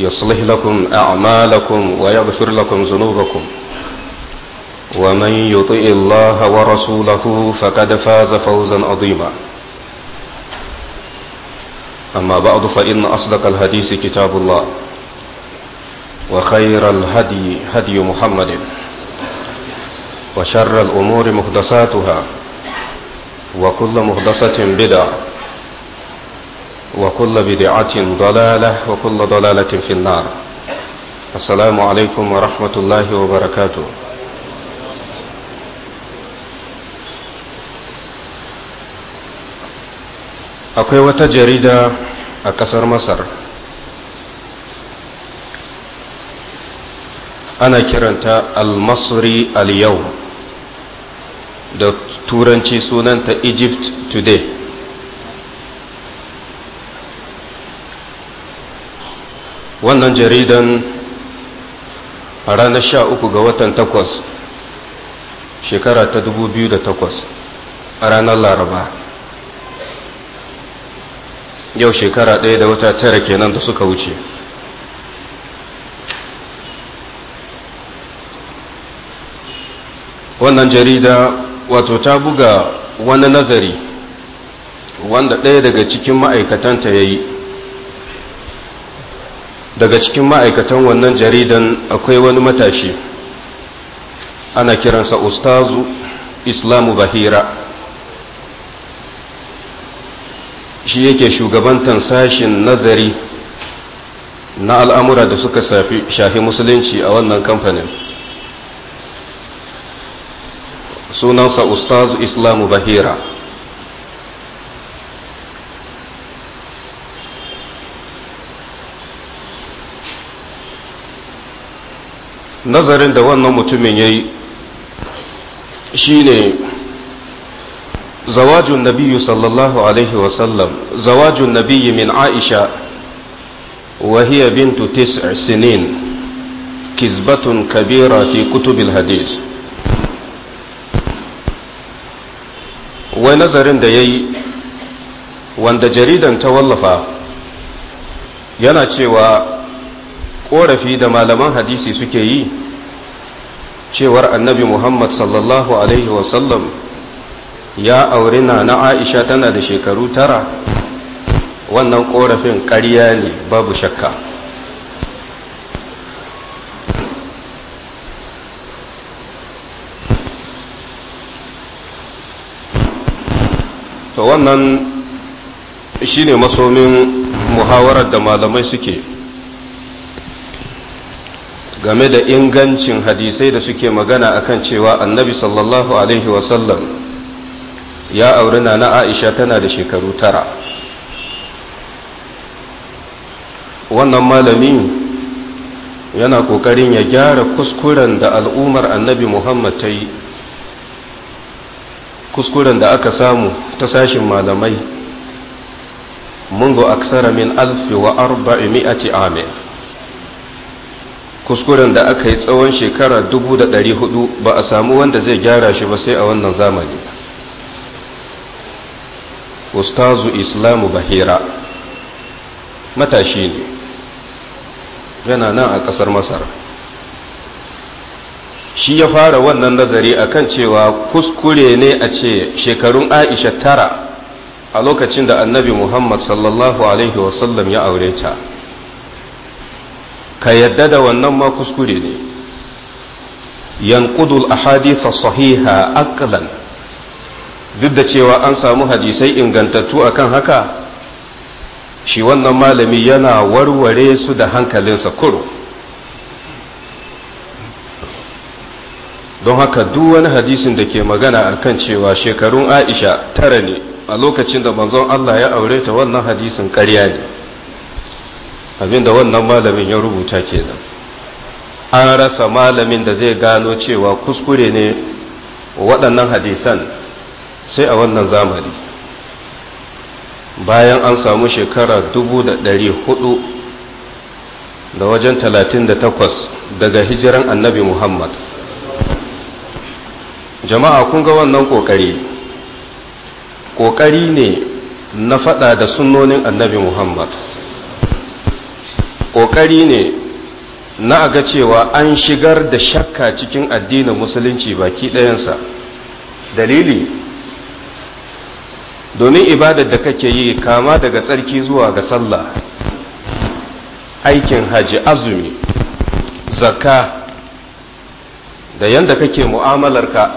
يصلح لكم أعمالكم ويغفر لكم ذنوبكم ومن يطئ الله ورسوله فقد فاز فوزا عظيما أما بعد فإن أصدق الحديث كتاب الله وخير الهدي هدي محمد وشر الأمور مهدساتها وكل مهدسة بدعة وكل بدعة ضلالة وكل ضلالة في النار السلام عليكم ورحمة الله وبركاته akwai wata jarida a ƙasar masar ana kiranta al-masri al-yau da turanci sunanta egypt today wannan jaridan a ranar sha uku ga watan takwas shekara ta dubu biyu da takwas a ranar laraba yau shekara ɗaya da wata tara kenan da suka wuce wannan jarida wato ta buga wani nazari wanda ɗaya daga cikin ma'aikatanta ya yi daga cikin ma'aikatan wannan jaridan akwai wani matashi ana kiransa ustazu islamu bahira shi yake shugabantan sashin nazari na al'amura da suka shafi musulunci a wannan kamfanin sunansa ustazu islamu bahira nazarin da wannan mutumin ya yi shi ne zawajin nabiyu sallallahu alaihi wasallam zawajun nabiyu min aisha وهي بنت تسع سنين كذبة كبيرة في كتب الحديث ونظرين da yayi wanda jaridan ta wallafa yana cewa korafi da malaman hadisi suke yi cewar annabi muhammad sallallahu alaihi wasallam ya auri na aisha tana da shekaru tara wannan korafin ƙarya ne babu shakka to wannan shine masomin muhawarar da malamai suke game da ingancin hadisai da suke magana akan cewa annabi sallallahu alaihi wasallam ya auri na aisha tana da shekaru tara wannan malami yana ƙoƙarin ya gyara kuskuren da al'ummar annabi muhammad ta yi kuskuren da aka samu ta sashin malamai منذ أكثر من ألف وأربعمائة عام kuskuren da aka yi tsawon shekara dubu da ɗari hudu ba a samu wanda zai gyara shi ba sai a wannan zamani ustazu islamu bahira matashi ne yana nan a ƙasar masar shi ya fara wannan nazari akan cewa kuskure ne a ce shekarun aisha tara a lokacin da annabi muhammad sallallahu alaihi wasallam ya aure ta ka yadda da wannan ma kuskure ne yanqudul ahadith sahiha aqlan duk da cewa an samu hadisai ingantattu akan haka shi wannan malami yana warware su da hankalinsa kuro don haka duk wani hadisin da ke magana akan cewa shekarun aisha tara ne a lokacin da manzon allah ya aure ta wannan hadisin karya ne abinda wannan malamin ya rubuta kenan an rasa malamin da zai gano cewa kuskure ne waɗannan hadisan sai a wannan zamani bayan an samu shekara dubu da ɗari hudu da wajen talatin da takwas daga hijiran annabi muhammad jama'a kun ga wannan ƙoƙari ƙoƙari ne na faɗa da sunnonin annabi muhammad ƙoƙari ne na ga cewa an shigar da shakka cikin addinin musulunci baki ɗayansa dalili domin ibadar da kake yi kama daga tsarki zuwa ga sallah aikin haji azumi zakka da yadda kake mu'amalarka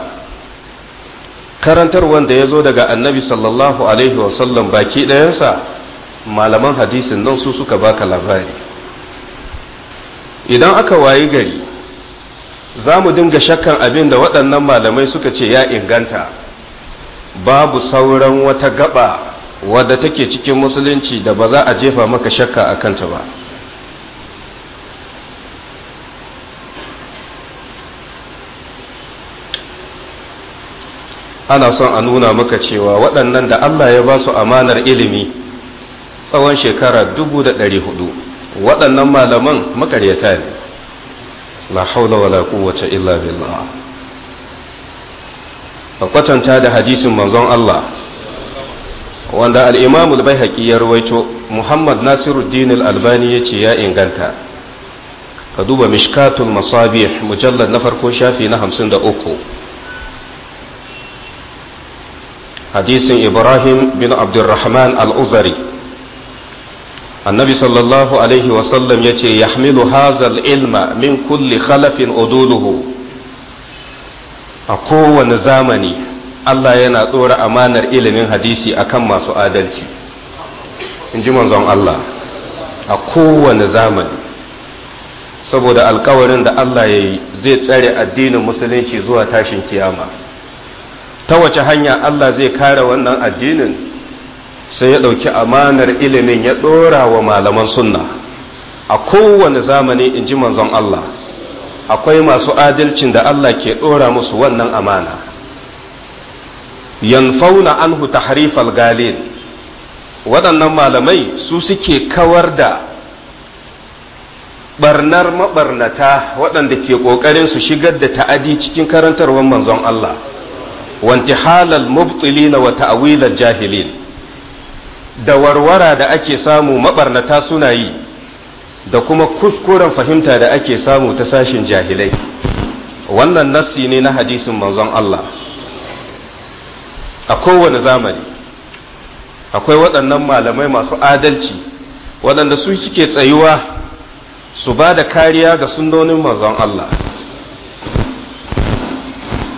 karantar wanda ya zo daga annabi sallallahu alaihi wasallam baki ɗayansa malaman hadisin nan su suka baka labari idan aka wayi gari za mu dinga shakkan abin da waɗannan malamai suka ce ya inganta babu sauran wata gaba wadda take cikin musulunci da ba za a jefa maka shakka a kanta ba ana son a nuna maka cewa waɗannan da Allah ya ba su amanar ilimi tsawon shekara dubu da ɗari hudu waɗannan malaman makaryata ne la haula wala quwwata illa billah a kwatanta da hadisin manzon Allah wanda al-Imam al-Baihaqi ya rawaito Muhammad Nasiruddin al-Albani yace ya inganta ka duba mishkatul masabih mujallad na farko shafi na 53 hadisin ibrahim bin abdurrahman al'uzari annabi sallallahu alaihi wasallam ya ce ya hazal ilma min kulli kalafin uduluhu a kowane zamani Allah yana tsora amanar ilimin hadisi akan masu adalci in ji manzon Allah a kowane zamani saboda alkawarin da Allah ya yi zai tsare addinin musulunci zuwa tashin kiyama ta wace hanya Allah zai kare wannan addinin sai ya ɗauki amanar ilimin ya ɗora wa malaman sunna a kowane zamani in ji manzon Allah akwai masu adalcin da Allah ke ɗora musu wannan amana yanfauna anhu tahrifal galil waɗannan malamai su suke kawar da ɓarnar maɓarnata waɗanda ke ƙoƙarin su shigar da ta'adi cikin karantarwar manzon Allah wanti halal mubtilina wa ta'awilar jahilin da warwara da ake samu mabarnata suna yi da kuma kuskuren fahimta da ake samu ta sashin jahilai wannan nassi ne na hadisin manzon Allah a kowane zamani akwai waɗannan malamai masu adalci waɗanda su suke tsayuwa su ba da kariya ga sunonin manzon Allah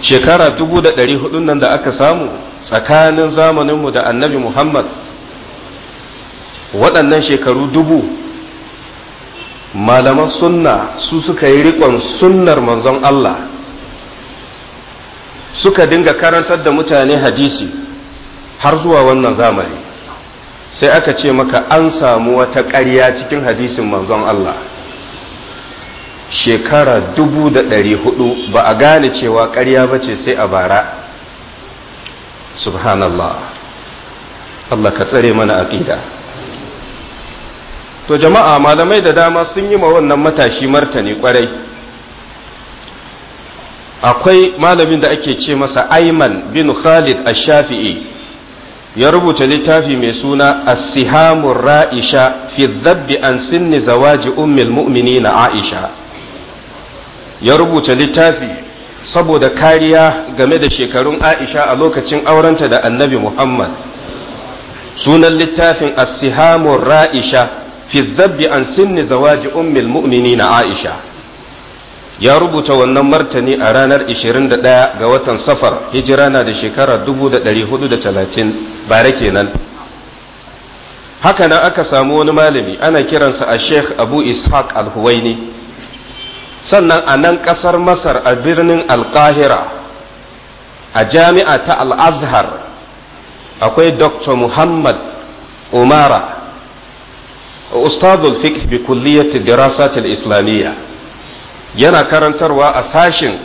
shekara 1400 nan da aka samu tsakanin zamaninmu da annabi Muhammad waɗannan shekaru dubu malaman sunna su suka yi riƙon sunnar manzon Allah suka dinga karantar da mutane hadisi har zuwa wannan zamani sai aka ce maka an samu wata ƙarya cikin hadisin manzon Allah shekara dubu da ɗari hudu ba a gane cewa ƙarya ba ce sai a bara subhanallah Allah ka tsare mana aƙida to jama'a malamai da dama sun yi ma wannan matashi martani kwarai akwai malamin da ake ce masa Ayman bin Khalid ash-Shafi'i ya rubuta littafi mai suna as-sihamur ra'isha fi dhabbi an sinni zawaji ummil mu'minina Aisha ya rubuta littafi saboda kariya game da shekarun Aisha a lokacin aurenta da Annabi Muhammad sunan littafin as-sihamur ra'isha fi zabbi an sinni zawaji ummil na Aisha ya rubuta wannan martani a ranar 21 ga watan safar hijira na da shekara 1430 bare kenan haka nan aka samu wani malami ana kiransa a sheikh abu ishaq al-huwaini sannan a nan ƙasar masar a birnin alkahira a jami'a ta al-azhar akwai dr muhammad umara ustadul fiqh bi kulliyati dirasat islamiyya yana karantarwa a sashin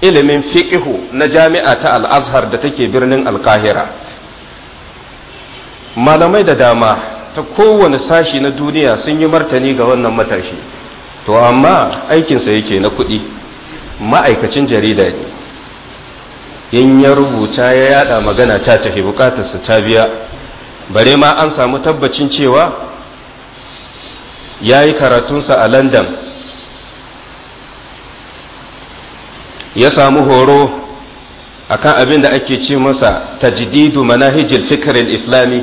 ilimin fiqhu na jami'a ta al da take birnin alkahira malamai da dama ta kowane sashi na duniya sun yi martani ga wannan matashi to amma aikinsa yake na kuɗi ma'aikacin jarida ne in ya rubuta ya yada magana ta tafi bukatarsa ta biya bare ma an samu tabbacin cewa ya yi karatunsa a Landan ya samu horo a kan abin da ake ce masa tajdidu manahijil fikirin islami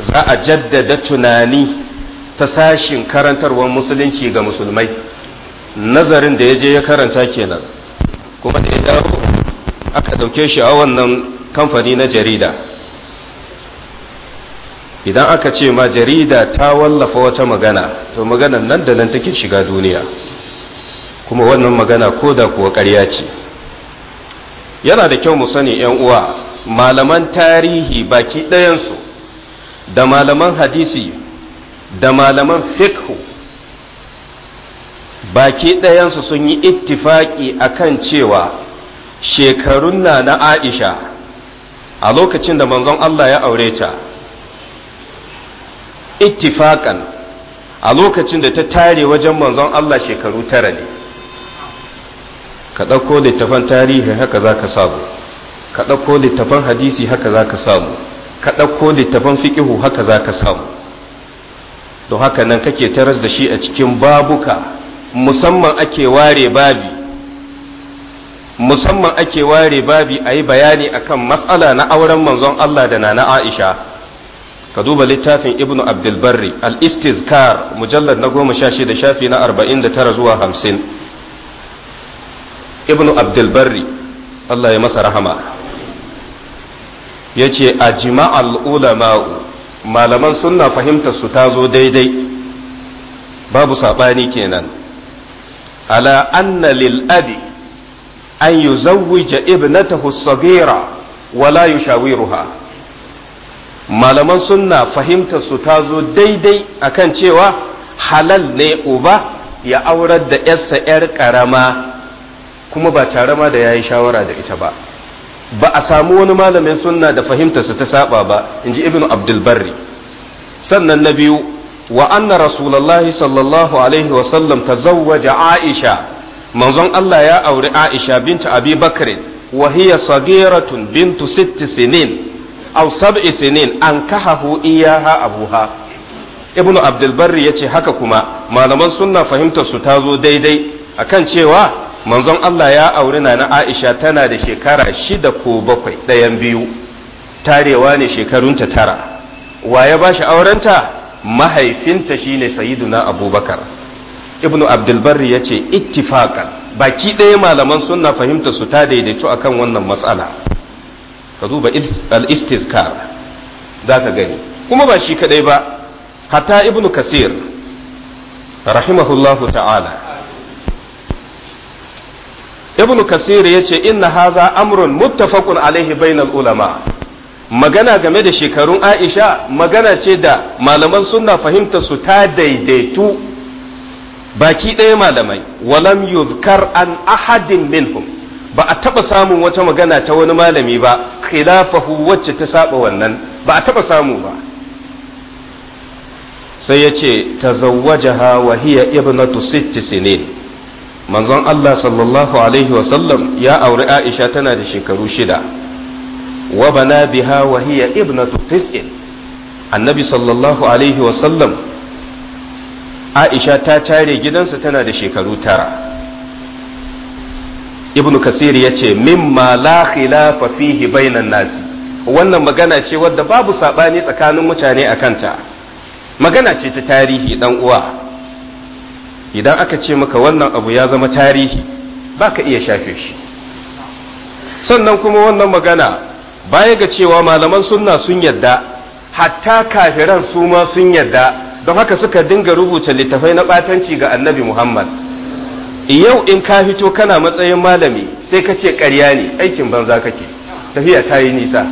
za a jaddada tunani ta sashin karantarwar musulunci ga musulmai nazarin da ya je ya karanta kenan kuma da ya dawo aka ɗauke shi a wannan kamfani na jarida idan aka ce ma jarida ta wallafa wata magana to maganan nan da nan take shiga duniya kuma wannan magana ko da kuwa ƙarya ce yana da kyau mu sani yan uwa malaman tarihi baki ɗayansu da malaman hadisi da malaman fikhu baki ɗayansu sun yi ittifaki akan cewa shekarun na na aisha a lokacin da manzon Allah ya aure ta ittifaqan a lokacin da ta tare wajen manzon Allah shekaru tara ne ka ɗauko littafan tarihi haka za ka samu ka ɗauko littafan hadisi haka za ka samu ka ɗauko littafan fiƙihu haka za ka samu don haka nan kake taras da shi a cikin babuka musamman ake ware babi musamman ake ware babi a yi bayani akan matsala na auren manzon Allah da na Aisha ka duba littafin ibnu abdulbarri al-istizkar mujallar na goma sha shida shafi na arba'in da tara zuwa hamsin ibnu abdulbarri allah ya masa rahama ya ce a jima'al ulama'u malaman sunna fahimtar su ta zo daidai babu saɓani kenan ala anna lil abi an yuzawwija ibnatahu sagira wala yushawiruha malaman sunna fahimtar su ta zo daidai akan cewa halal ne uba ya aurar da yarsa yar karama kuma ba tare ma da yayi shawara da ita ba ba a samu wani malamin sunna da fahimtar su ta saba ba inji Ibn abdul barri sannan na biyu wa anna rasulullahi sallallahu alaihi wa sallam tazawwaja aisha manzon Allah ya auri aisha binta abi bakr wa hiya sagiratun bintu sitti sinin aw sab'i sinin an kahahu iyaha abuha ibnu abdul barri yace haka kuma malaman sunna fahimtar su ta zo daidai akan cewa manzon Allah ya auri na Aisha tana da shekara shida ko bakwai ɗayan biyu tarewa ne shekarunta tara wa ya ba shi aurenta mahaifinta shine sayyiduna abubakar ibnu abdulbarri ya ce ittifaqan baki ɗaya malaman sunna fahimtar su ta daidaitu akan wannan matsala ka duba al-istiskar za ka gani kuma ba shi kadai ba hatta ibnu kasir rahimahullahu ta'ala ibnu kasir ya ce inna haza amrun muttafaqun alaihi bainal ulama magana game da shekarun aisha magana ce da malaman sunna fahimta su ta daidaitu baki ɗaya malamai walam yuzkar an ahadin minhum ba a taba samun wata magana ta wani malami ba khilafahu wacce ta saba wannan ba a taba samu ba sai ya ce ta tazawwajaha wa hiya ibnatu sitti sinin manzon Allah sallallahu alaihi wa sallam ya auri Aisha tana da shekaru shida wa bana biha wa hiya ibnatu tis'in annabi sallallahu alaihi wa sallam Aisha ta tare gidansa tana da shekaru tara Ibn kasir ya ce mimma la khilafa fihi bainan nasi wannan magana ce wadda babu saɓani tsakanin mutane a kanta magana ce ta tarihi dan uwa idan aka ce maka wannan abu ya zama tarihi baka iya shafe shi sannan kuma wannan magana baya ga cewa malaman sunna sun yadda hatta kafiran su ma sun yadda don haka suka dinga rubuta littafai na batanci ga annabi muhammad yau in ka fito kana matsayin malami sai ka ce ƙarya ne aikin banza kake tafiya ta yi nisa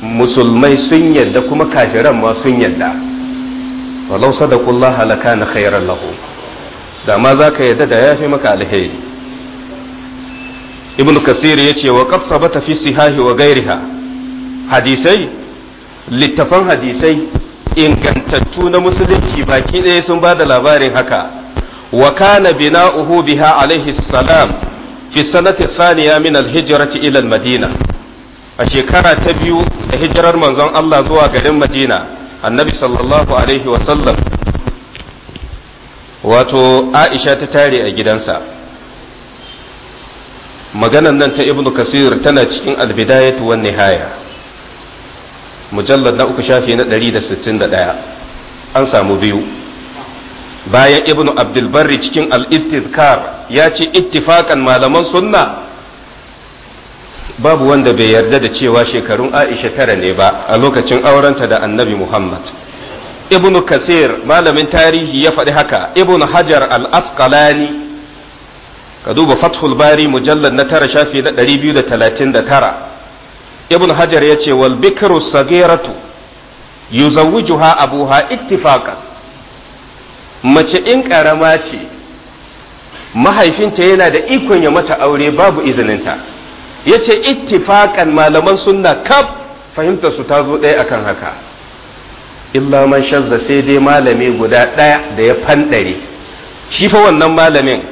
musulmai sun yadda kuma kafiran ma sun yadda walau sadaqullah halaka na khairar lahu da ma za ka yadda da ya fi maka alheri ibn kasir ya ce wa ba sabata fi sihahi wa gairiha hadisai littafan hadisai ingantattu na musulunci baki ɗaya sun ba da labarin haka wa kana bina'uhu biha alaihi salam fi sanati thaniya min al-hijrati ila al-madina a shekara ta biyu da hijirar manzon Allah zuwa garin Madina annabi sallallahu alaihi wa sallam wato Aisha ta tare a gidansa Maganar nan ta ibnu kasir tana cikin albidayatu wan nihaya Mujallar na uku shafi na 161 an samu biyu bayan ibn abdulbarri cikin al-istizkar ya ce ittifakan malaman sunna babu wanda bai yarda da cewa shekarun aisha tara ne ba a lokacin aurenta da annabi muhammad ibn kasir malamin tarihi ya faɗi haka ibn hajar al-asqalani ka duba fathul bari mujallar na tara shafi na 239 ibn hajar ya ce wal bikru sagiratu yuzawwijuha abuha ittifaqan mace in karama ce mahaifinta yana da ikon ya mata aure babu izininta ya ce ittifaƙan malaman sunna kaf fahimta su ta zo ɗaya akan haka illa man shazza sai dai malami guda ɗaya da ya fanɗare shi fa wannan malamin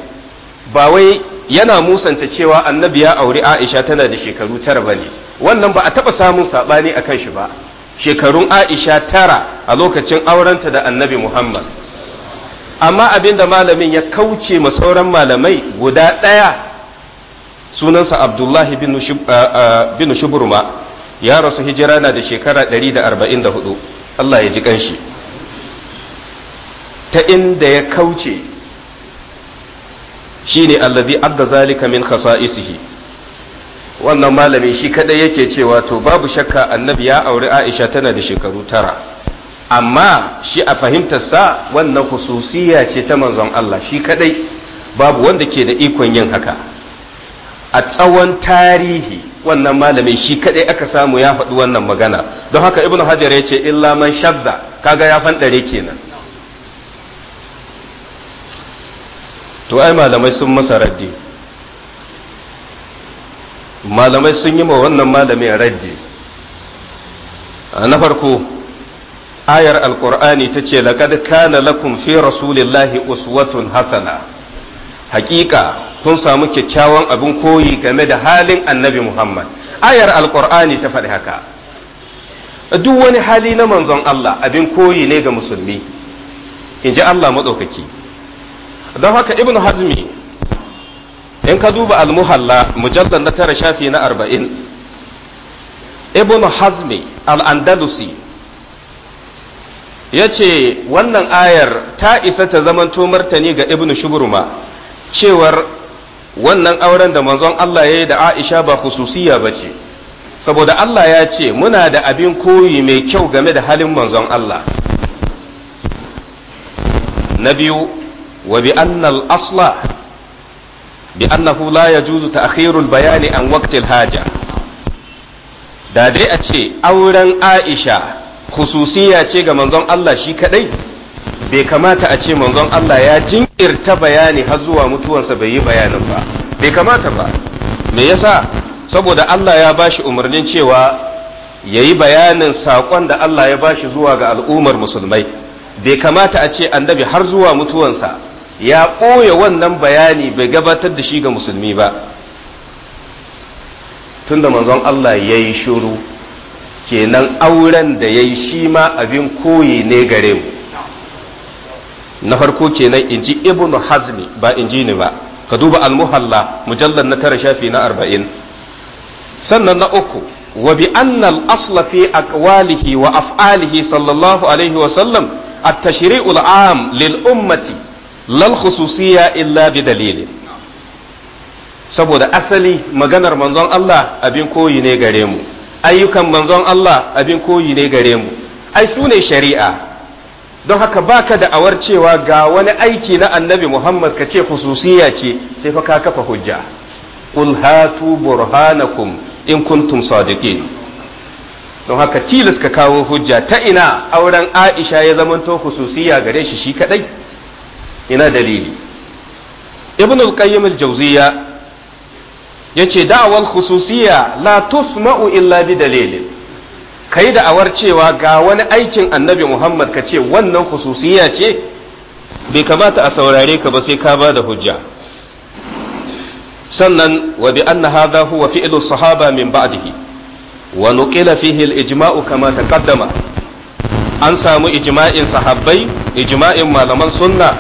ba wai yana musanta cewa annabi ya auri aisha tana da shekaru tara ba ne wannan ba a taɓa samun saɓani a kan shi ba shekarun aisha tara a lokacin aurenta da annabi muhammad amma abin da malamin ya kauce ma sauran malamai guda ɗaya sunansa abdullahi bin shuburma ya rasu hijira na da shekara 144 Allah ya ji kanshi ta inda ya kauce shine allazi adda zalika min khasa'isihi wannan malami shi kadai yake cewa to babu shakka annabi ya auri Aisha tana da shekaru tara amma shi a fahimtarsa wannan hususiyya ce ta manzon Allah shi kadai babu wanda ke da ikon yin haka a tsawon tarihi wannan malamin shi kadai aka samu ya faɗi wannan magana don haka ibnu hajar ya ce illa man shazza kaga ya fanɗare kenan to ai malamai sun masa raddi malamai sun yi ma wannan malamin raddi na farko ayar alkur'ani ta ce laqad kana lakum fi rasulillahi uswatun hasana hakika kun samu kyakkyawan abin koyi game da halin annabi muhammad ayar alkur'ani ta faɗi haka duk wani hali na manzon allah abin koyi ne ga musulmi in ji allah maɗaukaki don haka ibn hazmi in ka duba almuhalla mujallar na tara shafi na arba'in ibn hazmi al-andalusi ya ce wannan ayar ta isa ta zamanto martani ga ibnu shuburma cewar wannan auren da manzon Allah ya yi da Aisha ba hususiya ba ce saboda Allah ya ce muna da abin koyi mai kyau game da halin manzon Allah na biyu wa bi annal asla bi annahu la yajuzu ta'khirul bayani an waqtil haja da dai a ce auren Aisha khususiya ce ga manzon Allah shi kadai bai kamata a ce manzon Allah ya jinkirta bayani har zuwa mutuwansa bai yi bayanin ba bai kamata ba me yasa saboda Allah ya bashi umarnin cewa ya yi bayanin saƙon da Allah ya bashi zuwa ga al'ummar musulmai bai kamata a ce annabi har zuwa mutuwansa ya ɓoye wannan bayani bai gabatar da shi ga musulmi ba tunda manzon Allah ya yi shiru kenan auren da ya yi shi ma abin koyi ne gare mu na farko kenan in ji ibnu hazmi ba in ji ni ba ka duba almuhalla mujallar na tara shafi na arba'in sannan na uku wa bi annal asla fi aqwalihi wa af'alihi sallallahu alaihi wa sallam at-tashri'u al-am lil ummati lal khususiyya illa bi dalilin saboda asali maganar manzon Allah abin koyi ne gare mu ayyukan manzon Allah abin koyi ne gare mu ai su ne shari'a don haka baka da awar cewa ga wani aiki na annabi Muhammad ka ce khususiyya ce sai fa ka kafa hujja qul hatu burhanakum in kuntum sadiqin don haka tilas ka kawo hujja ta ina auren Aisha ya zamanto khususiyya gare shi shi kadai ina dalili ibn al-qayyim al-jawziya yace da'awar hususiyya la tusma'u illa bi dalilin kai da'awar cewa ga wani aikin annabi Muhammad ka ce wannan hususiyya ce bai kamata a saurare ka ba sai ka ba da hujja sannan wa bi anna hadha huwa fi'lu sahaba min ba'dihi wa nuqila fihi al-ijma'u kama taqaddama an samu ijma'in sahabbai ijma'in malaman sunna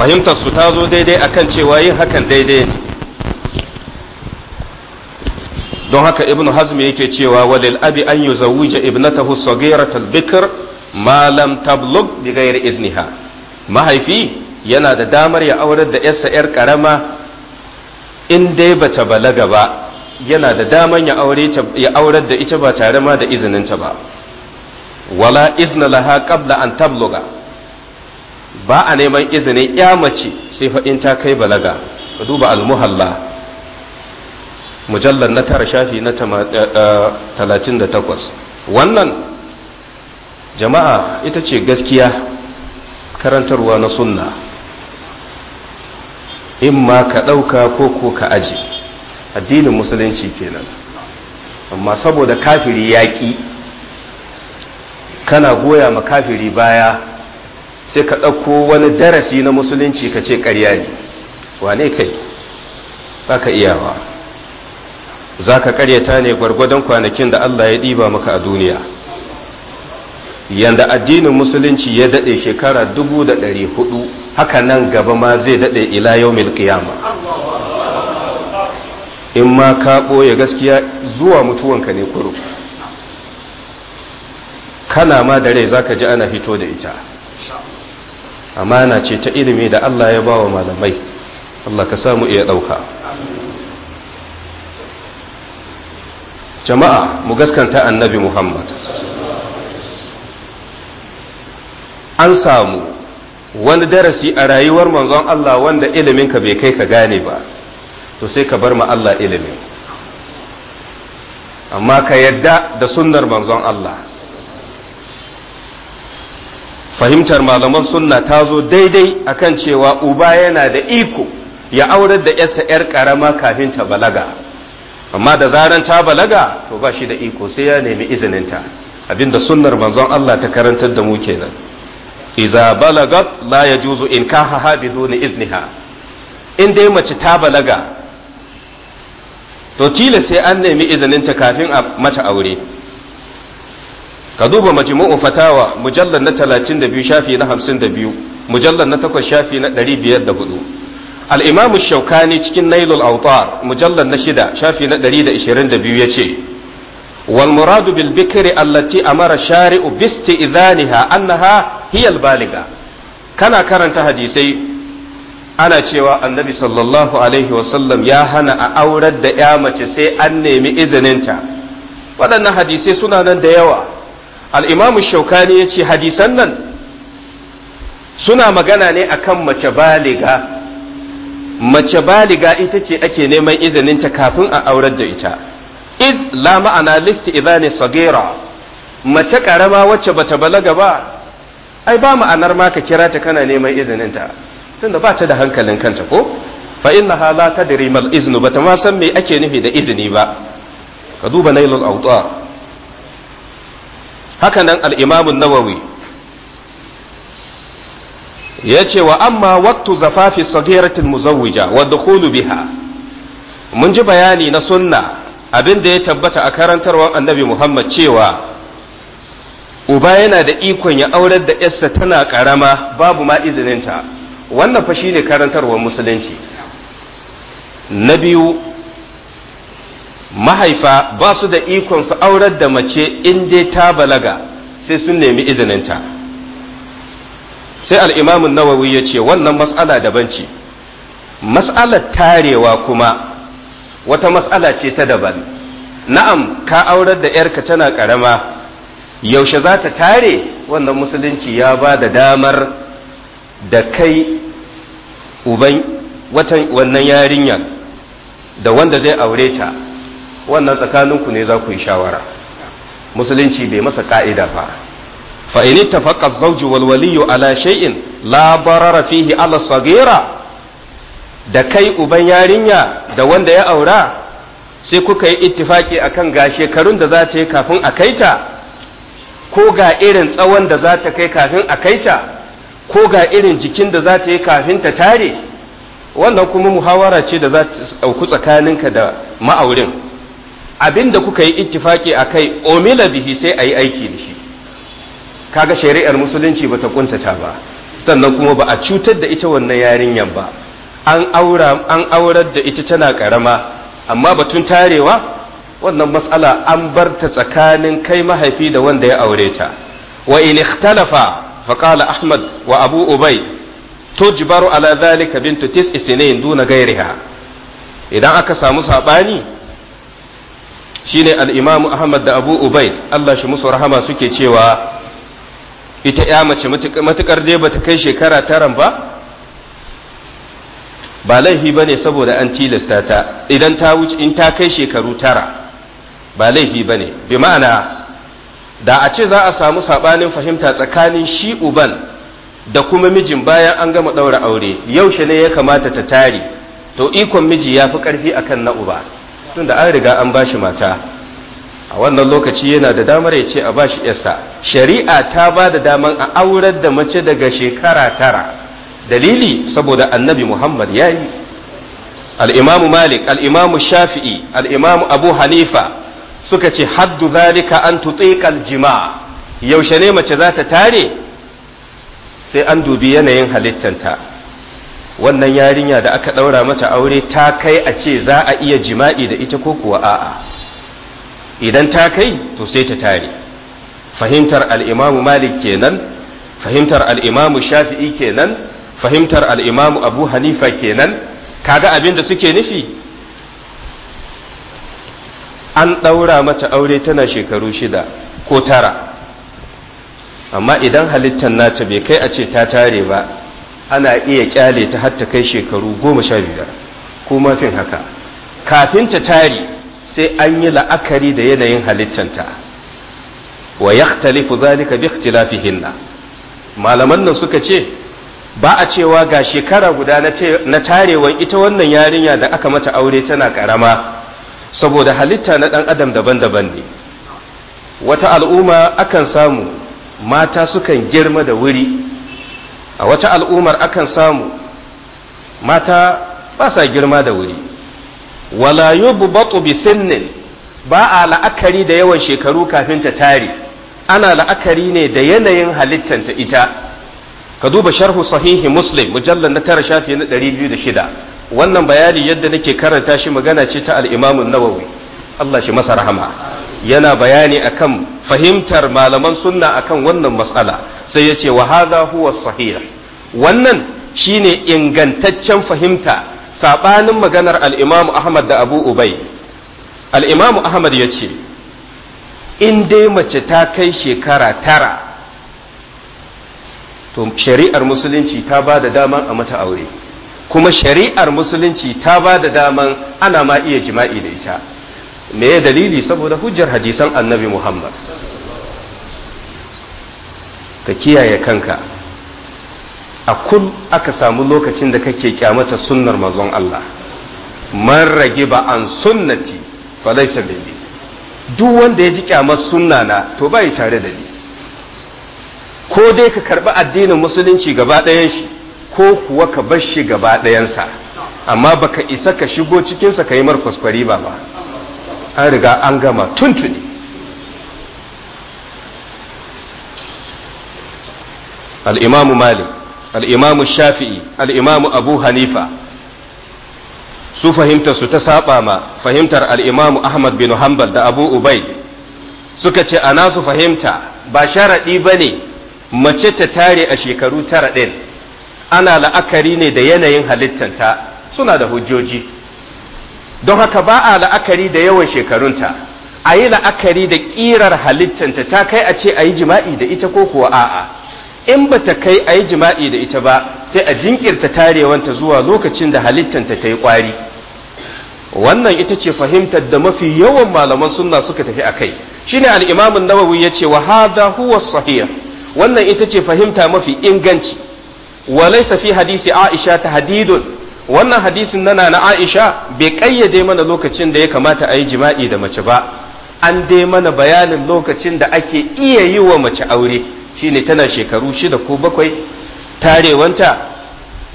fahimtar su ta zo daidai akan cewa yin hakan daidai ne don haka ibn hazm yake cewa walil abi an yuzawwija ibnatahu saghirata al-bikr ma lam tablug bi ghairi izniha mahaifi yana da damar ya aurar da yarsa yar karama in dai bata balaga ba yana da damar ya aure ya aurar da ita ba tare ma da izininta ba wala izna laha qabla an tabluga ba a neman izinin ya mace sai fa in ta kai balaga Ka duba almuhalla. mujallar na tara shafi na eh, eh, talatin da takwas wannan jama'a ita ce gaskiya karantarwa na sunna in ma ka ɗauka ko ko ka aji addinin musulunci kenan amma saboda kafiri yaƙi kana goya ma kafiri baya sai ka ɗauko wani darasi na musulunci ka ce ƙarya ne wane kai ba ka iyawa za ka karyata ne gwargwadon kwanakin da Allah ya ɗiba maka a duniya yanda addinin musulunci ya daɗe shekara dubu da ɗari hudu haka nan gaba ma zai daɗe ila yau qiyama in ma ka ɓoye gaskiya zuwa mutuwanka ne kuru kana ma da rai za ka ji ana fito da ita amana ce ta ilimi da Allah ya ba wa malamai Allah ka samu iya ɗauka jama'a mu gaskanta annabi muhammad an samu wani darasi a rayuwar manzon Allah wanda iliminka bai kai ka gane ba to sai ka bar ma Allah ilimin amma ka yadda da sunnar manzon Allah fahimtar malaman sunna ta zo daidai akan cewa uba yana da iko ya aurar da 'yarsa 'yar karama kafin ta balaga amma da zaran ta balaga to ba shi da iko sai ya nemi izininta abinda sunnar manzon Allah ta karantar da mu kenan iza balagat la yajuzu in kahaha biduni izniha in dai mace ta balaga to tilas sai an nemi izininta kafin a mata aure ka duba majmu'u fatawa mujallal na 32 shafi na 52 mujallal na 8 shafi na 504 al-imamu shaukani cikin nailul autar mujallar na shida shafi na 122 ya ce walmuradu muradu bil bikri allati amara shari'u bi isti'dhaniha annaha hiya al-baliga kana karanta hadisai ana cewa annabi sallallahu alaihi wasallam ya hana a aurar da ya mace sai an nemi izininta waɗannan hadisai suna nan da yawa al shaukani ya ce hadisan nan suna magana ne akan mace baliga mace baliga ita ce ake neman izininta kafin a aurar da ita iz la ma'ana list idani sagira mace karama wacce bata balaga ba ai ba ma'anar ma ka kira ta kana neman izininta tunda ba ta da hankalin kanta ko fa innaha la tadri mal iznu bata ma san me ake nufi da izini ba ka duba nailul awtar haka nan al-imam an-nawawi ya ce wa amma waktu zafafi sagiratin muzawwija wa dukhulu biha mun ji bayani na sunna abin da ya tabbata a karantarwar annabi Muhammad cewa uba yana da ikon ya aurar da yarsa tana karama babu ma izininta wannan fa shine karantarwar musulunci na biyu mahaifa ba su da ikon su aurar da mace in dai ta balaga sai sun nemi izininta sai al'imamun nawawi ya ce wannan matsala daban ce matsalar tarewa kuma wata matsala ce ta daban na'am ka aurar da ‘yarka tana ƙarama yaushe za ta tare wannan musulunci ya ba da damar da kai uban wannan yarinya da wanda zai aure ta wannan tsakaninku ne za ku yi shawara musulunci bai masa ka'ida ba. fa in ittafaqa az-zawju wal waliyyu ala shay'in la barara da kai uban yarinya da wanda ya aura sai kuka yi ittifaki akan ga shekarun da za ta yi kafin a kaita ko ga irin tsawon da za ta kai kafin a kaita ko ga irin jikin da za ta yi kafin ta tare wannan kuma muhawara ce da za ta tsakanin tsakaninka da ma'aurin abinda kuka yi ittifaki a kai omila bihi sai a yi aiki da shi kaga shari'ar musulunci bata kuntata ba sannan kuma ba a cutar da ita wannan yarinyar ba an aura an aurar da ita tana karama amma batun tarewa wannan matsala an bar ta tsakanin kai mahaifi da wanda ya aure ta wa in ikhtalafa fa qala ahmad wa abu ubay tujbaru ala dhalika bintu tis'i sinin duna gairiha idan aka samu sabani shine al-imamu ahmad da abu ubay Allah shi musu rahama suke cewa ita ya mace matukar dai bata kai shekara taran ba ba laifi ba ne saboda an tilasta ta idan ta wuce in ta kai shekaru tara ba laifi ba ne bi ma'ana da a ce za a samu saɓanin fahimta tsakanin shi uban da kuma mijin bayan an gama ɗaura aure yaushe ne ya kamata ta tari to ikon miji ya fi ƙarfi akan na uba tunda an riga an bashi mata a wannan lokaci yana da damar ya ce a ba shi yasa shari'a ta ba da daman a aurar da mace daga shekara tara dalili saboda annabi muhammad ya yi al'imamu malik al'imamu shafi'i al'imamu abu hanifa suka ce haddu zalika an tutsiƙal jima'a yaushe ne mace za ta tare sai an dubi yanayin halittanta wannan yarinya da aka ɗaura mata aure ta kai a ce za a iya jima'i da ita ko kuwa a'a. idan ta kai to sai ta tare fahimtar al'imamu malik kenan fahimtar al'imamu shafi'i kenan fahimtar al'imamu abu hanifa kenan kaga abin da suke nufi an ɗaura mata aure tana shekaru shida ko tara amma idan halittar nata bai kai a ce ta tare ba ana iya kyale ta har ta kai shekaru goma sha biyar ko mafin haka kafin ta tare sai an yi la'akari da yanayin halittanta wa yakhtalifu zalika bi ikhtilafihinna malaman nan suka ce ba a cewa ga shekara guda na tarewan ita wannan yarinya da aka mata aure tana karama saboda halitta na dan adam daban-daban ne wata al'umma akan samu mata sukan girma da wuri a wata al'ummar akan samu mata ba sa girma da wuri wala yubatu bi sinnin ba a la'akari da yawan shekaru kafin ta tare ana la'akari ne da yanayin halittanta ita ka duba sharhu sahihi muslim mujallar na tara shafi na 206 wannan bayani yadda nake karanta shi magana ce ta al-imamun nawawi Allah shi masa rahama yana bayani akan fahimtar malaman sunna akan wannan matsala sai ya ce wa hadha huwa sahih wannan shine ingantaccen fahimta saɓanin maganar al'imamu Ahmad da Abu Ubai, al'imamu Ahmad ya ce, in dai mace ta kai shekara tara, to shari'ar musulunci ta ba da daman a mata aure, kuma shari'ar musulunci ta ba da daman ana ma iya jima'i da ita. Me ya dalili saboda hujjar hadisan annabi Muhammad. Ka kiyaye kanka. a kun aka samu lokacin da kake kyamata sunnar manzon Allah man rage ba an sunnati fa laysa duk wanda ya ji kyamar sunna na to bai tare da ni ko dai ka karbi addinin musulunci gaba ɗayan shi ko kuwa ka bar shi gaba ɗayansa amma baka isa ka shigo cikinsa ka yi mar kwaskwari ba ba an riga an gama tuntuni al'imamu مالك al'imamu shafi'i al'imamu abu hanifa su fahimtar su ta saba ma fahimtar al'imamu ahmad bin hanbal da abu ubai suka ce ana su fahimta ba sharaɗi ba ne mace ta tare a shekaru tara ɗin ana la'akari ne da yanayin halittanta suna da hujjoji don haka ba a la'akari da yawan shekarunta a yi la'akari da ƙirar halittanta ta kai a ce a yi jima'i da ita ko kuwa a'a. in ba ta kai a yi jima'i da ita ba sai a jinkirta tarewanta zuwa lokacin da halittanta ta yi ƙwari wannan ita ce fahimtar da mafi yawan malaman sunna suka tafi a kai shine al'imamin nawawi ya ce wa hada huwa sahih wannan ita ce fahimta mafi inganci wa laysa fi hadisi aisha tahdidun wannan hadisin nana na aisha bai kayyade mana lokacin da ya kamata a yi jima'i da mace ba an dai mana bayanin lokacin da ake iya yi wa mace aure shine tana shekaru shida ko bakwai tarewanta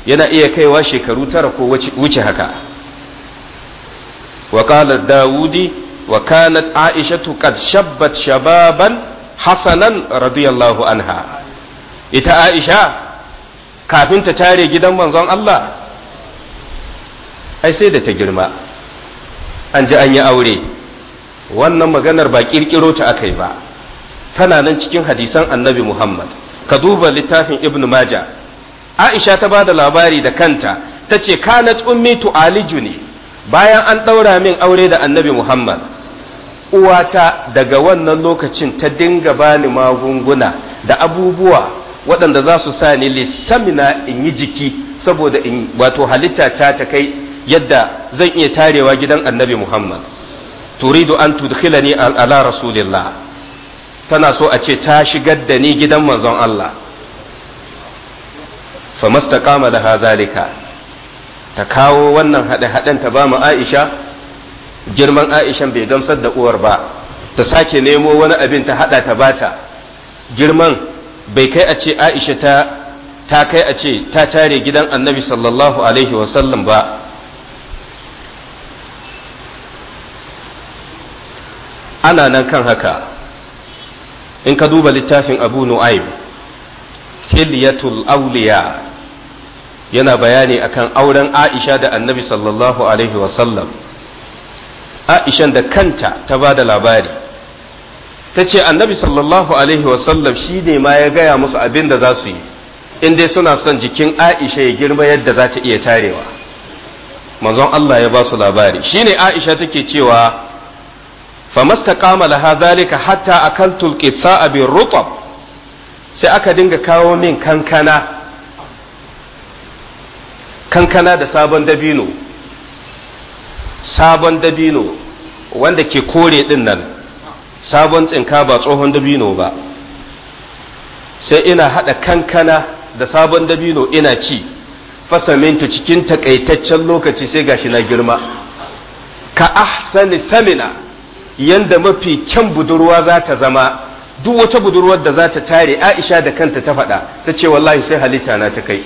yana iya kaiwa shekaru tara ko wuce haka wa Dawudi daudi wa kanat aishatu qad shabbat shababan hasanan radiyallahu anha ita aisha kafin ta tare gidan manzon Allah ai sai da ta girma an ji an yi aure wannan maganar ba kirkiro ta aka yi ba tana nan cikin hadisan annabi Muhammad ka duba littafin Ibn Maja Aisha ta ba da labari da kanta ta ce kanat ummi tu'aliju ne bayan an ɗaura min aure da annabi Muhammad uwata daga wannan lokacin ta dinga bani magunguna da abubuwa waɗanda za su sa ni lissamina in yi jiki saboda in wato halitta ta ta kai yadda zan iya tarewa gidan annabi Muhammad turidu an tudkhilani ala rasulillah tana so a ce ta shigar da ni gidan manzon Allah fa mastaqama laha zalika ta kawo wannan hade haden ta ba mu Aisha girman Aisha bai gamsar da uwar ba ta sake nemo wani abin ta hada ta bata girman bai kai a ce Aisha ta ta kai a ce ta tare gidan Annabi sallallahu alaihi wasallam ba ana nan kan haka in ka duba littafin abu nu'aim hilyatul auliya yana bayani akan auren aisha da annabi sallallahu alaihi wasallam aishan da kanta ta ba da labari ta ce annabi sallallahu alaihi wasallam shi ne ma ya gaya musu abin da za su yi in dai suna son jikin aisha ya girma yadda za ta iya tarewa manzon allah ya ba su labari shi ne aisha take cewa famastaqama laha zalika hatta akaltul qitha'a bir rutab sai aka dinga kawo min kankana kankana da sabon dabino sabon dabino wanda ke kore din nan sabon tsinka ba tsohon dabino ba sai ina haɗa kankana da sabon dabino ina ci fasamintu cikin takaitaccen lokaci sai gashi na girma ka ahsani samina yanda mafi kyan budurwa za ta zama duk wata budurwar da za ta tare aisha da kanta ta faɗa ta ce wallahi sai halitta na ta kai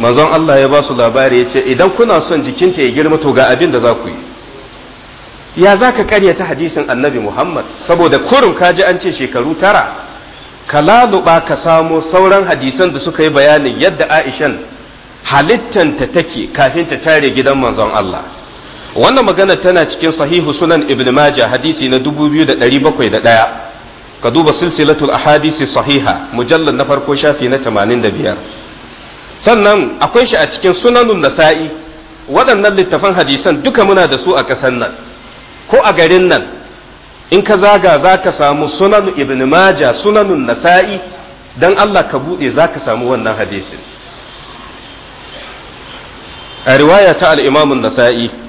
manzon Allah ya ba su labari ya ce idan kuna son jikinta ya girma to ga abin da za ku yi ya za ka ta hadisin annabi Muhammad saboda kurin kaji an ce shekaru tara ka laluɓa ka samo sauran hadisan da suka yi bayanin yadda Aishan halittanta take kafin ta tare gidan manzon Allah wannan magana tana cikin sahihu sunan ibn majah hadisi na 2701 ka duba silsilatul ahadisi sahiha mujallad na farko shafi na 85 sannan akwai shi a cikin sunanun nasa'i waɗannan littafan hadisan duka muna da su a ƙasan nan ko a garin nan in ka zaga za ka samu sunan ibn majah sunanun nasa'i dan Allah ka buɗe za ka samu wannan hadisin a riwaya ta al-imamun nasa'i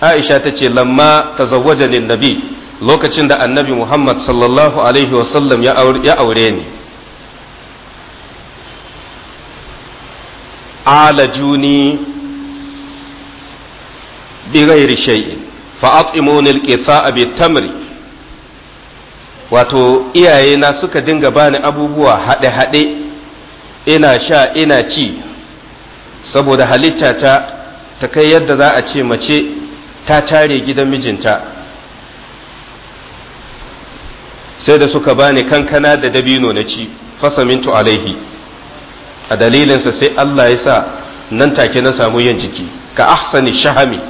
aisha ta ce lamma tazawwaja lin nabi lokacin da annabi muhammad sallallahu alaihi wasallam ya aure ni alajuni bi ghairi shay'in fa at'imuni al bi tamri wato iyayena suka dinga bani abubuwa haɗe-haɗe ina sha ina ci saboda halitta ta ta kai yadda za a ce mace ta tare gidan mijinta sai da suka bani kankana da dabino na ci fasamintu alaihi a dalilinsa sai Allah ya sa nan take na samu yin jiki ka ahsani shahami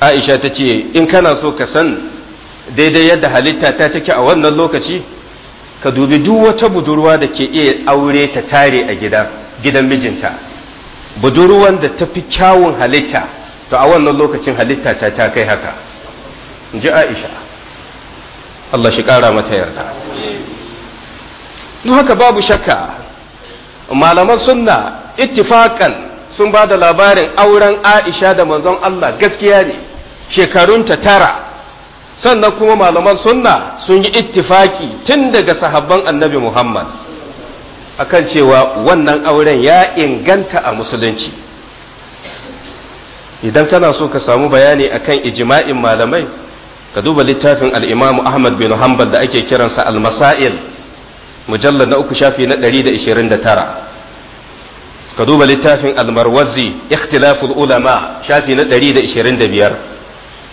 aisha ta ce in kana so ka san daidai yadda halitta ta take a wannan lokaci ka dubi duk wata budurwa da ke iya aure ta tare a gidan mijinta budurwan da ta fi kyawun halitta to a wannan lokacin halitta ta ta kai haka ji aisha Allah shi ƙara mata yarda don haka babu shakka malaman sunna ittifakan sun ba da labarin auren aisha da manzon Allah gaskiya ne shekarunta tara sannan kuma malaman sunna sun yi ittifaki tun daga sahabban annabi Muhammad akan cewa wannan auren ya inganta a musulunci idan kana so ka samu bayani akan ijma'in malamai ka duba littafin al-Imam Ahmad bin Hanbal da ake kiransa al-Masail mujallad na uku shafi na 129 ka duba littafin al-Marwazi ikhtilaful ulama shafi na 125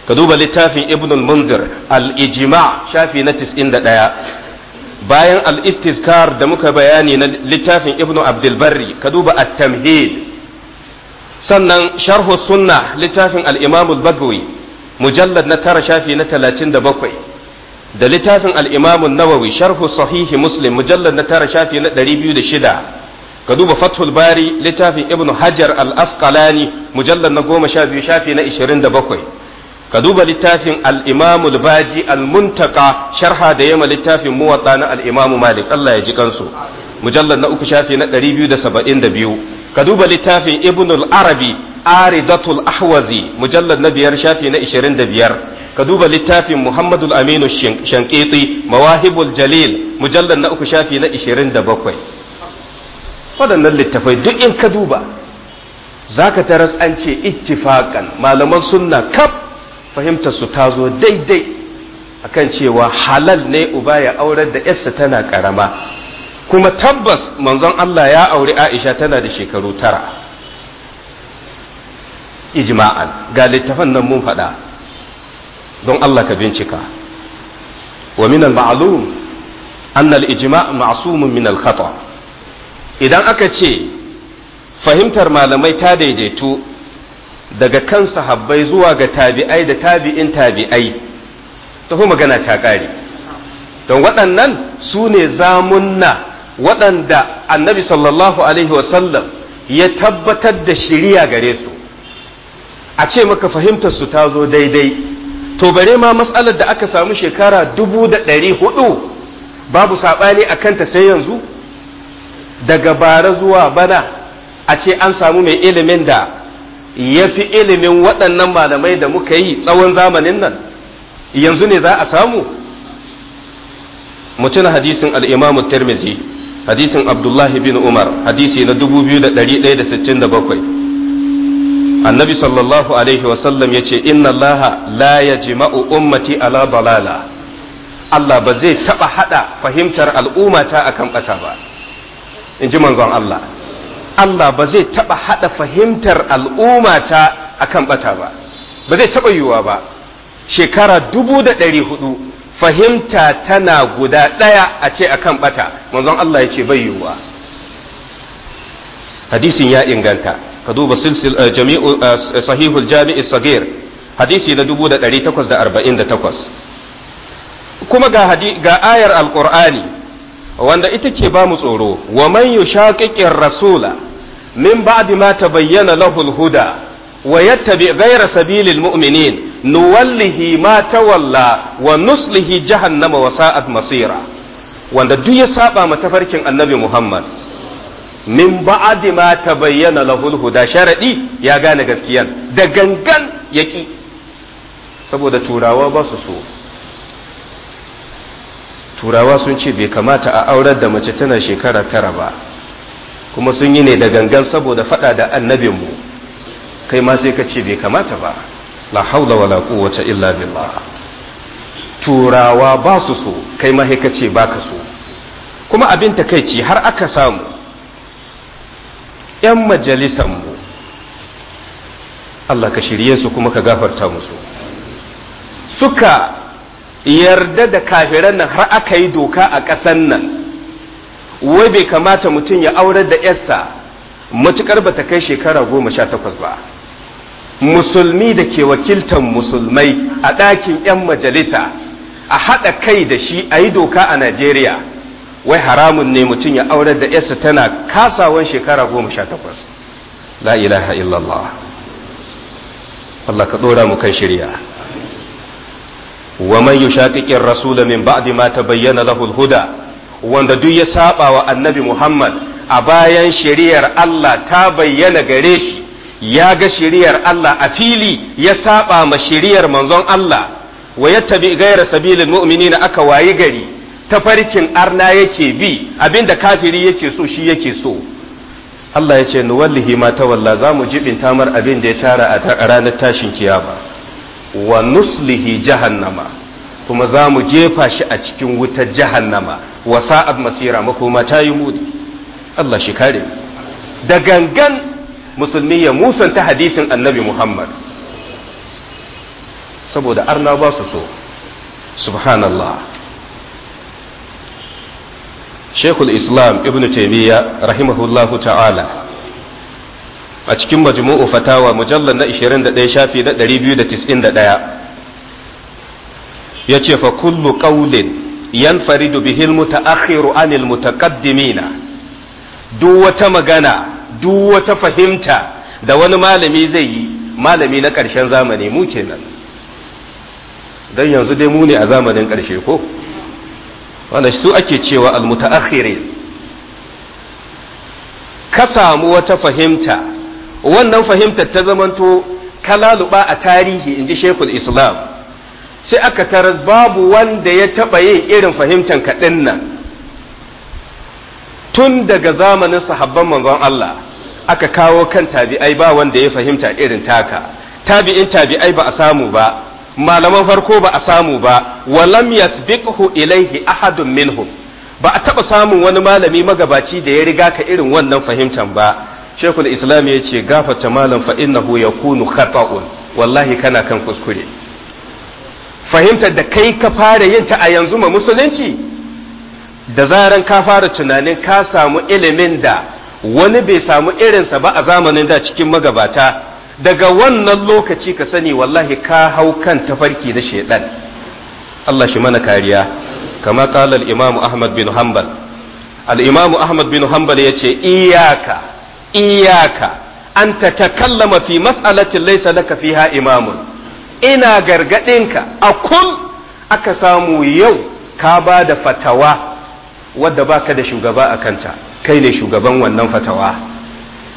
ka duba littafin Ibn al-Munzir al-Ijma' shafi na 91 bayan al-istizkar da muka bayani na littafin ibnu abdulbarri ka duba at-tamhid sannan sharhu sunna littafin al'imamu imam al-bagawi mujallad na tara shafi na talatin da bakwai da littafin al'imamu nawawi sharhu sahihi muslim mujallad na tara shafi na 206 ka duba fathul bari littafin ibnu hajar al-asqalani mujallad na goma sha biyu shafi na ishirin 27 ka duba littafin al'imamu imam al-baji al-muntaka sharha da yama littafin muwatta na al'imamu malik Allah ya ji kansu mujallad na uku shafi na biyu da da saba'in biyu. ka duba littafin ibn al-arabi aridatul ahwazi mujallad na biyar shafi na 25 ka duba littafin muhammad al-aminu shankiti mawahibul jalil mujallad na uku shafi na 27 waɗannan littafai duk in ka duba zaka taras an ce ittifaqan malaman sunna kaf fahimtar su ta zo daidai akan cewa halal ne uba ya aurar da yarsa tana karama kuma tabbas manzon Allah ya auri Aisha tana da shekaru tara ijma'an ga littafan nan mun faɗa don Allah ka bincika wa min al-ma'lum anna al-ijma' ma'sumun min al idan aka ce fahimtar malamai ta daidaito daga kan sahabbai zuwa ga tabi'ai da tabi'in tabi'ai tafi magana ta ƙare don waɗannan su ne zamunna waɗanda annabi sallallahu alaihi wasallam ya tabbatar da shiriya gare su a ce maka fahimtar su ta zo daidai to bare ma matsalar da aka samu shekara dubu da ɗari hudu babu saɓani a kanta sai yanzu daga bara zuwa bana a ce an samu mai ilimin da ya fi ilimin waɗannan malamai da muka yi tsawon zamanin nan yanzu ne za a samu mutum hadisin al'imamu tirmizi hadisin abdullahi bin umar hadisi na 2167 annabi sallallahu alaihi wasallam ya ce inna allaha la ya jima'u ummati ala balala Allah ba zai taɓa haɗa fahimtar al'ummata a kan bata ba in ji manzon Allah Allah ba zai taɓa haɗa fahimtar al'ummata a kan bata ba ba zai taɓa yiwuwa ba shekara dubu da ɗari hudu fahimta tana guda ɗaya a ce akan ɓata, manzon Allah ya ce bai yiwuwa hadisin ya inganta ka duba eh, jami'u eh, sahihul jami'i sagir hadisi na 1848 kuma ga ga ayar alƙur'ani wanda ita ke ba mu tsoro wa man yushaqiqir rasula min ba'di ma tabayyana lahul huda wa gaira ghayra sabilil mu'minin nuwallihi ma tawalla wa nuslihi jahannama wa sa'at masira wanda duk ya saba ma tafarkin annabi Muhammad min ba'di ma tabayyana lahul huda sharadi ya gane gaskiyan da gangan yaki saboda turawa ba su so turawa sun ce bai kamata a aurar da mace tana shekara tara ba kuma sun yi ne da gangan saboda fada da annabinmu mu kai ma sai ka ce bai kamata ba la haula wala quwwata illa billah turawa ba su so kai ma sai ka ce ba ka so kuma abin takaici har aka samu 'yan mu Allah ka shirye su kuma ka gafarta musu suka yarda da kafiran nan har aka yi doka a ƙasan nan wai bai kamata mutum ya aurar da 'yarsa matukar bata kai shekara goma sha takwas ba musulmi da ke wakiltan musulmai a ɗakin 'yan majalisa a haɗa kai da shi a yi doka a najeriya wai haramun ne mutum ya aurar da yarsa tana kasawan shekara goma sha takwas la ilaha illallah Allah ka ɗora mu kan shirya wa man yushaqiqir rasula min ba'di ma tabayyana lahu huda wanda duk ya saba wa annabi Muhammad a bayan shari'ar Allah ta bayyana gare shi ya ga shiriyar Allah a fili ya saba ma shiriyar manzon Allah wa tabi gaira sabilin na aka wayi gari ta farkin arna yake bi abinda kafiri yake so shi yake so Allah ya ce nuwallihi ma tawalla za mu jibin tamar abin da ya tara a ranar tashin kiyama wa nuslihi jahannama kuma za mu jefa shi a cikin wutar jahannama wa sa'ab masira makoma ta yi mudi Allah shi kare da gangan musulmi ya musanta hadisin annabi muhammad saboda arna ba su so subhanallah shekul islam ibn taimiyya rahimahullahu ta'ala a cikin majmu'u fatawa mujallar na 21 shafi na 291 ya ce fa kullu qawlin yanfaridu bihil mutaakhiru anil mutaqaddimina duk wata magana duk wata fahimta da wani malami zai yi malami na ƙarshen zamani mu kenan don yanzu dai mu ne a zamanin ƙarshe ko wanda su ake cewa almutaakhiri ka samu wata fahimta wannan fahimtar ta zamanto kalaluba a tarihi in ji shekul islam sai aka tarar babu wanda ya taɓa yin irin fahimtar kaɗin nan tun daga zamanin sahabban manzon Allah aka kawo kan tabi'ai ba wanda ya fahimta irin taka tabi'in tabi'ai ba a samu ba malaman farko ba a samu ba walam yasbiqhu ilaihi ahadun minhum ba a taɓa samun wani malami magabaci da ya riga ka irin wannan fahimtan ba shekul islam ya ce gafata malam fa innahu yakunu khata'un wallahi kana kan kuskure fahimtar da kai ka fara yin ta a yanzu ma musulunci da zaran ka fara tunanin ka samu ilimin da wani bai samu irinsa ba a zamanin da cikin magabata daga wannan lokaci ka sani wallahi ka hau kan tafarki da shaidan Allah shi mana kariya kama kala al-imamu Ahmad bin Hanbal al-imamu Ahmad bin Hanbal ce iyaka iyaka an takallama fi mas'alatin laysa laka fiha imamun ina gargadinka a kun aka samu yau ka ba da fatawa wadda baka da shugaba a kanta kai ne shugaban wannan fatawa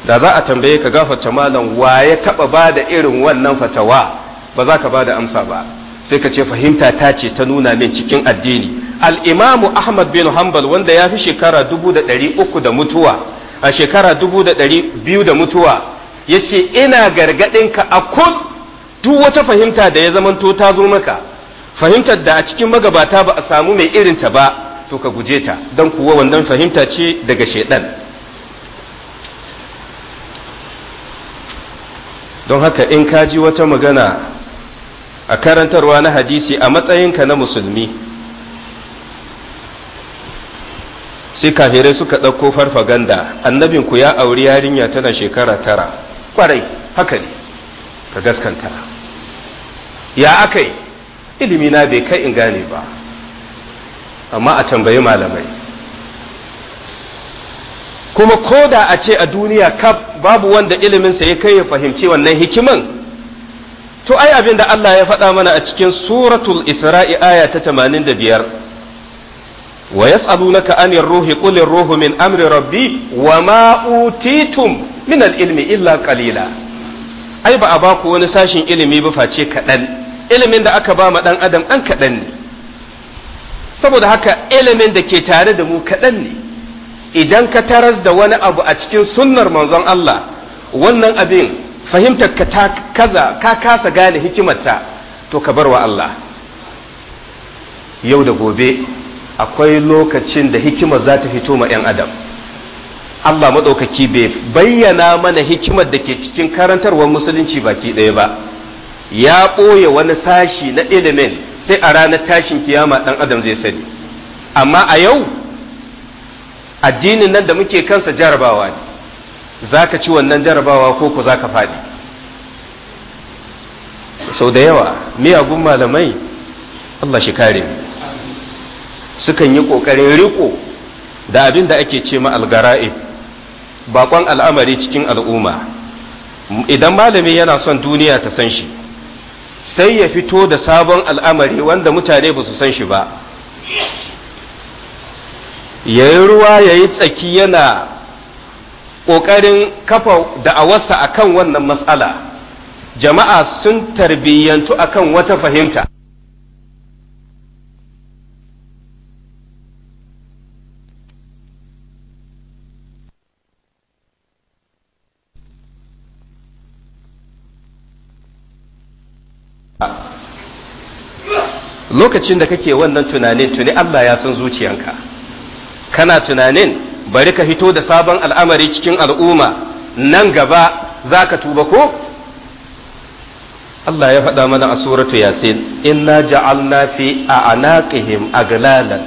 da za a tambaye ka gafarta malam wa ya taba ba da irin wannan fatawa ba za ka ba da amsa ba sai ka ce fahimta ta ce ta nuna min cikin addini al'imamu ahmad bin hanbal wanda ya fi shekara dubu da ɗari uku da mutuwa a shekara dubu da ɗari biyu da mutuwa ya ce ina gargaɗin ka a kun duk wata fahimta da ya zamanto ta zo maka fahimtar da a cikin magabata ba a samu mai irinta ba to ka guje ta don kuwa wannan fahimta ce daga shaidan don haka in ka ji wata magana a karantarwa na hadisi a matsayinka na musulmi sai kafirai suka ɗauko farfaganda ku ya auri yarinya tana shekara tara kwarai haka ne ka gaskanta ya aka yi ilimina bai kai in gane ba amma a tambayi malamai kuma ko da a ce a duniya kaf babu wanda iliminsa ya kai ya fahimci wannan hikiman to ai abin da Allah ya faɗa mana a cikin suratul isra'i aya ta 85 ruhi عن الروح قل الروح من أمر ilimi illa qalila ai ba a قليلا wani sashin ilimi ba face kaɗan ilimin da aka ba ma ɗan adam an kaɗan ne saboda haka ilimin da ke tare da mu kaɗan ne idan ka taras da wani abu a cikin sunnar manzon Allah wannan abin fahimtar ka kaza ka kasa gane hikimarta to ka bar wa Allah yau da gobe akwai lokacin da hikimar za ta fito ma 'yan adam Allah maɗaukaki bai bayyana mana hikimar da ke cikin karantarwar musulunci baki ɗaya ba ya ɓoye wani sashi na ilimin sai a ranar tashin kiyama ɗan adam zai sani amma a yau addinin nan da muke kansa jarabawa ne za ka ci wannan jarabawa ko ku za ka faɗi sau da yawa miyagun malamai Allah shi kare sukan yi ƙoƙarin riko da abin da ake ce ma algara'ib baƙon al'amari cikin al'umma idan malami yana son duniya ta san shi sai ya fito da sabon al'amari wanda mutane ba su san shi ba ya yi ruwa ya yi tsaki yana ƙoƙarin kafa da da'awarsa akan wannan matsala jama'a sun tarbiyyantu akan wata fahimta lokacin da kake wannan tunanin tuni Allah ya san zuciyanka kana tunanin bari ka fito da sabon al'amari cikin al'umma nan gaba za ka tuba ko Allah ya faɗa mana a suratu yasin inna ja'alna fi a'naqihim aglalan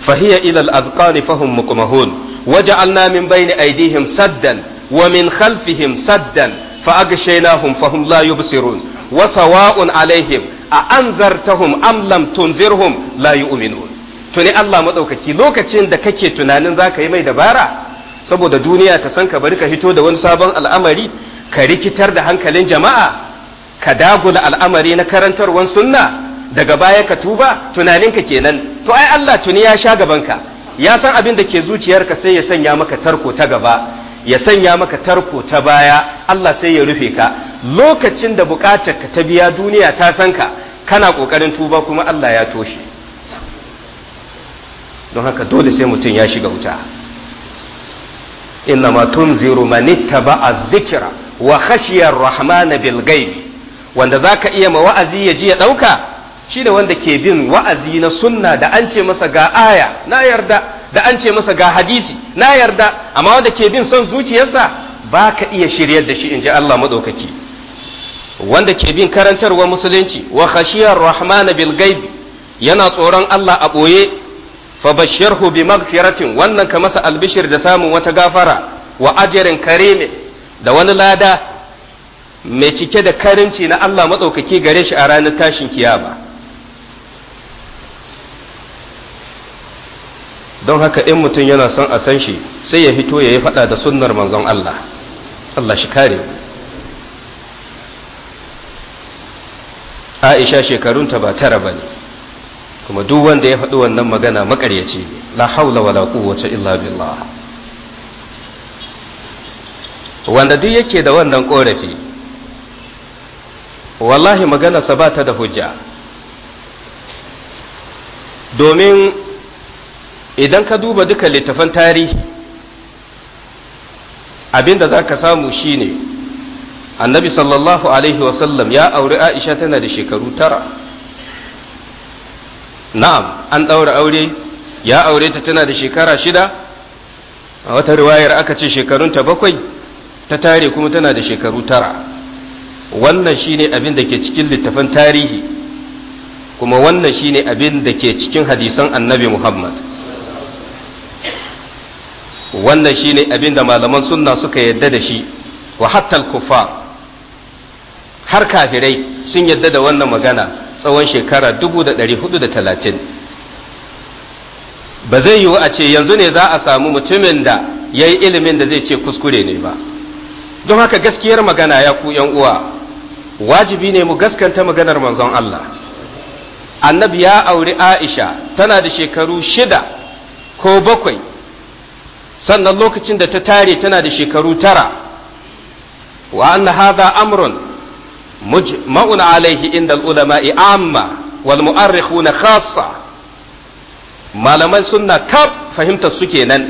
fahiya ila al-azqani fahum muqmahun waja'alna min bayni aydihim saddan wa min khalfihim saddan فأغشيناهم فهم لا يبصرون وسواء alaihim a anzartahum am lam tunzirhum la yu'minun tuni Allah maɗaukaki, lokacin da kake tunanin zaka yi mai dabara saboda duniya ta san ka bari ka hito da wani sabon al'amari ka rikitar da hankalin jama'a ka dagula al'amari na karantarwar sunna daga baya ka tuba tunaninka kenan to ai Allah tuni ya sha gabanka ya san abin da ke zuciyarka sai ya sanya maka tarko ta gaba ya sanya maka tarko ta baya Allah sai ya rufe ka lokacin da buƙatar ka ta biya duniya ta san ka kana ƙoƙarin tuba kuma Allah ya toshe don haka dole sai mutum ya shiga wuta inna ma tunziru ba a zikira wa khashiyar rahman bil ghaibi wanda zaka iya ma wa'azi ya ji ya ɗauka? Shi da wanda ke bin wa'azi na sunna da an ce masa ga aya na yarda da an ce masa ga hadisi na yarda amma wanda ke bin son zuciyarsa ba ka iya shiryar da shi in ji Allah maɗaukaki wanda ke bin karantarwa musulunci wa khashiyar rahmana bil gaibi yana tsoron Allah a ɓoye fa bashirhu bi magfiratin wannan ka masa albishir da samun wata gafara wa ajarin karime da wani lada mai cike da karimci na Allah maɗaukaki gare shi a ranar tashin kiyama don haka in mutum yana son a san shi sai ya fito ya yi faɗa da sunnar manzon Allah Allah shi kare Aisha shekarunta ba tara ba ne kuma duk wanda ya faɗi wannan magana makaryaci la haula wala quwwata illa billah wanda duk yake da wannan korafi wallahi maganarsa ba ta da hujja domin idan ka duba duka littafan tarihi abinda za ka samu shine annabi sallallahu alaihi wasallam ya auri aisha tana da shekaru tara na'am an ɗaura aure ya aure ta tana da shekara shida a wata riwayar aka ce shekarunta bakwai ta tare kuma tana da shekaru tara wannan shine abin da ke cikin littafan tarihi kuma wannan shine abin da ke cikin hadisan annabi muhammad wannan shine abin da malaman sunna suka yadda da shi wa hatta kufa har kafirai sun yadda da wannan magana tsawon shekara 1430 ba zai yiwu a ce yanzu ne za a samu mutumin da ya yi ilimin da zai ce kuskure ne ba don haka gaskiyar magana ya ku uwa wajibi ne mu gaskanta maganar manzon Allah annabi ya auri aisha tana da shekaru shida ko bakwai sannan lokacin da ta tare tana da shekaru tara wa anna hadha amrun mujma'un alaihi inda ulama'i amma wal mu'arrikhuna khassa malaman sunna kaf fahimta su kenan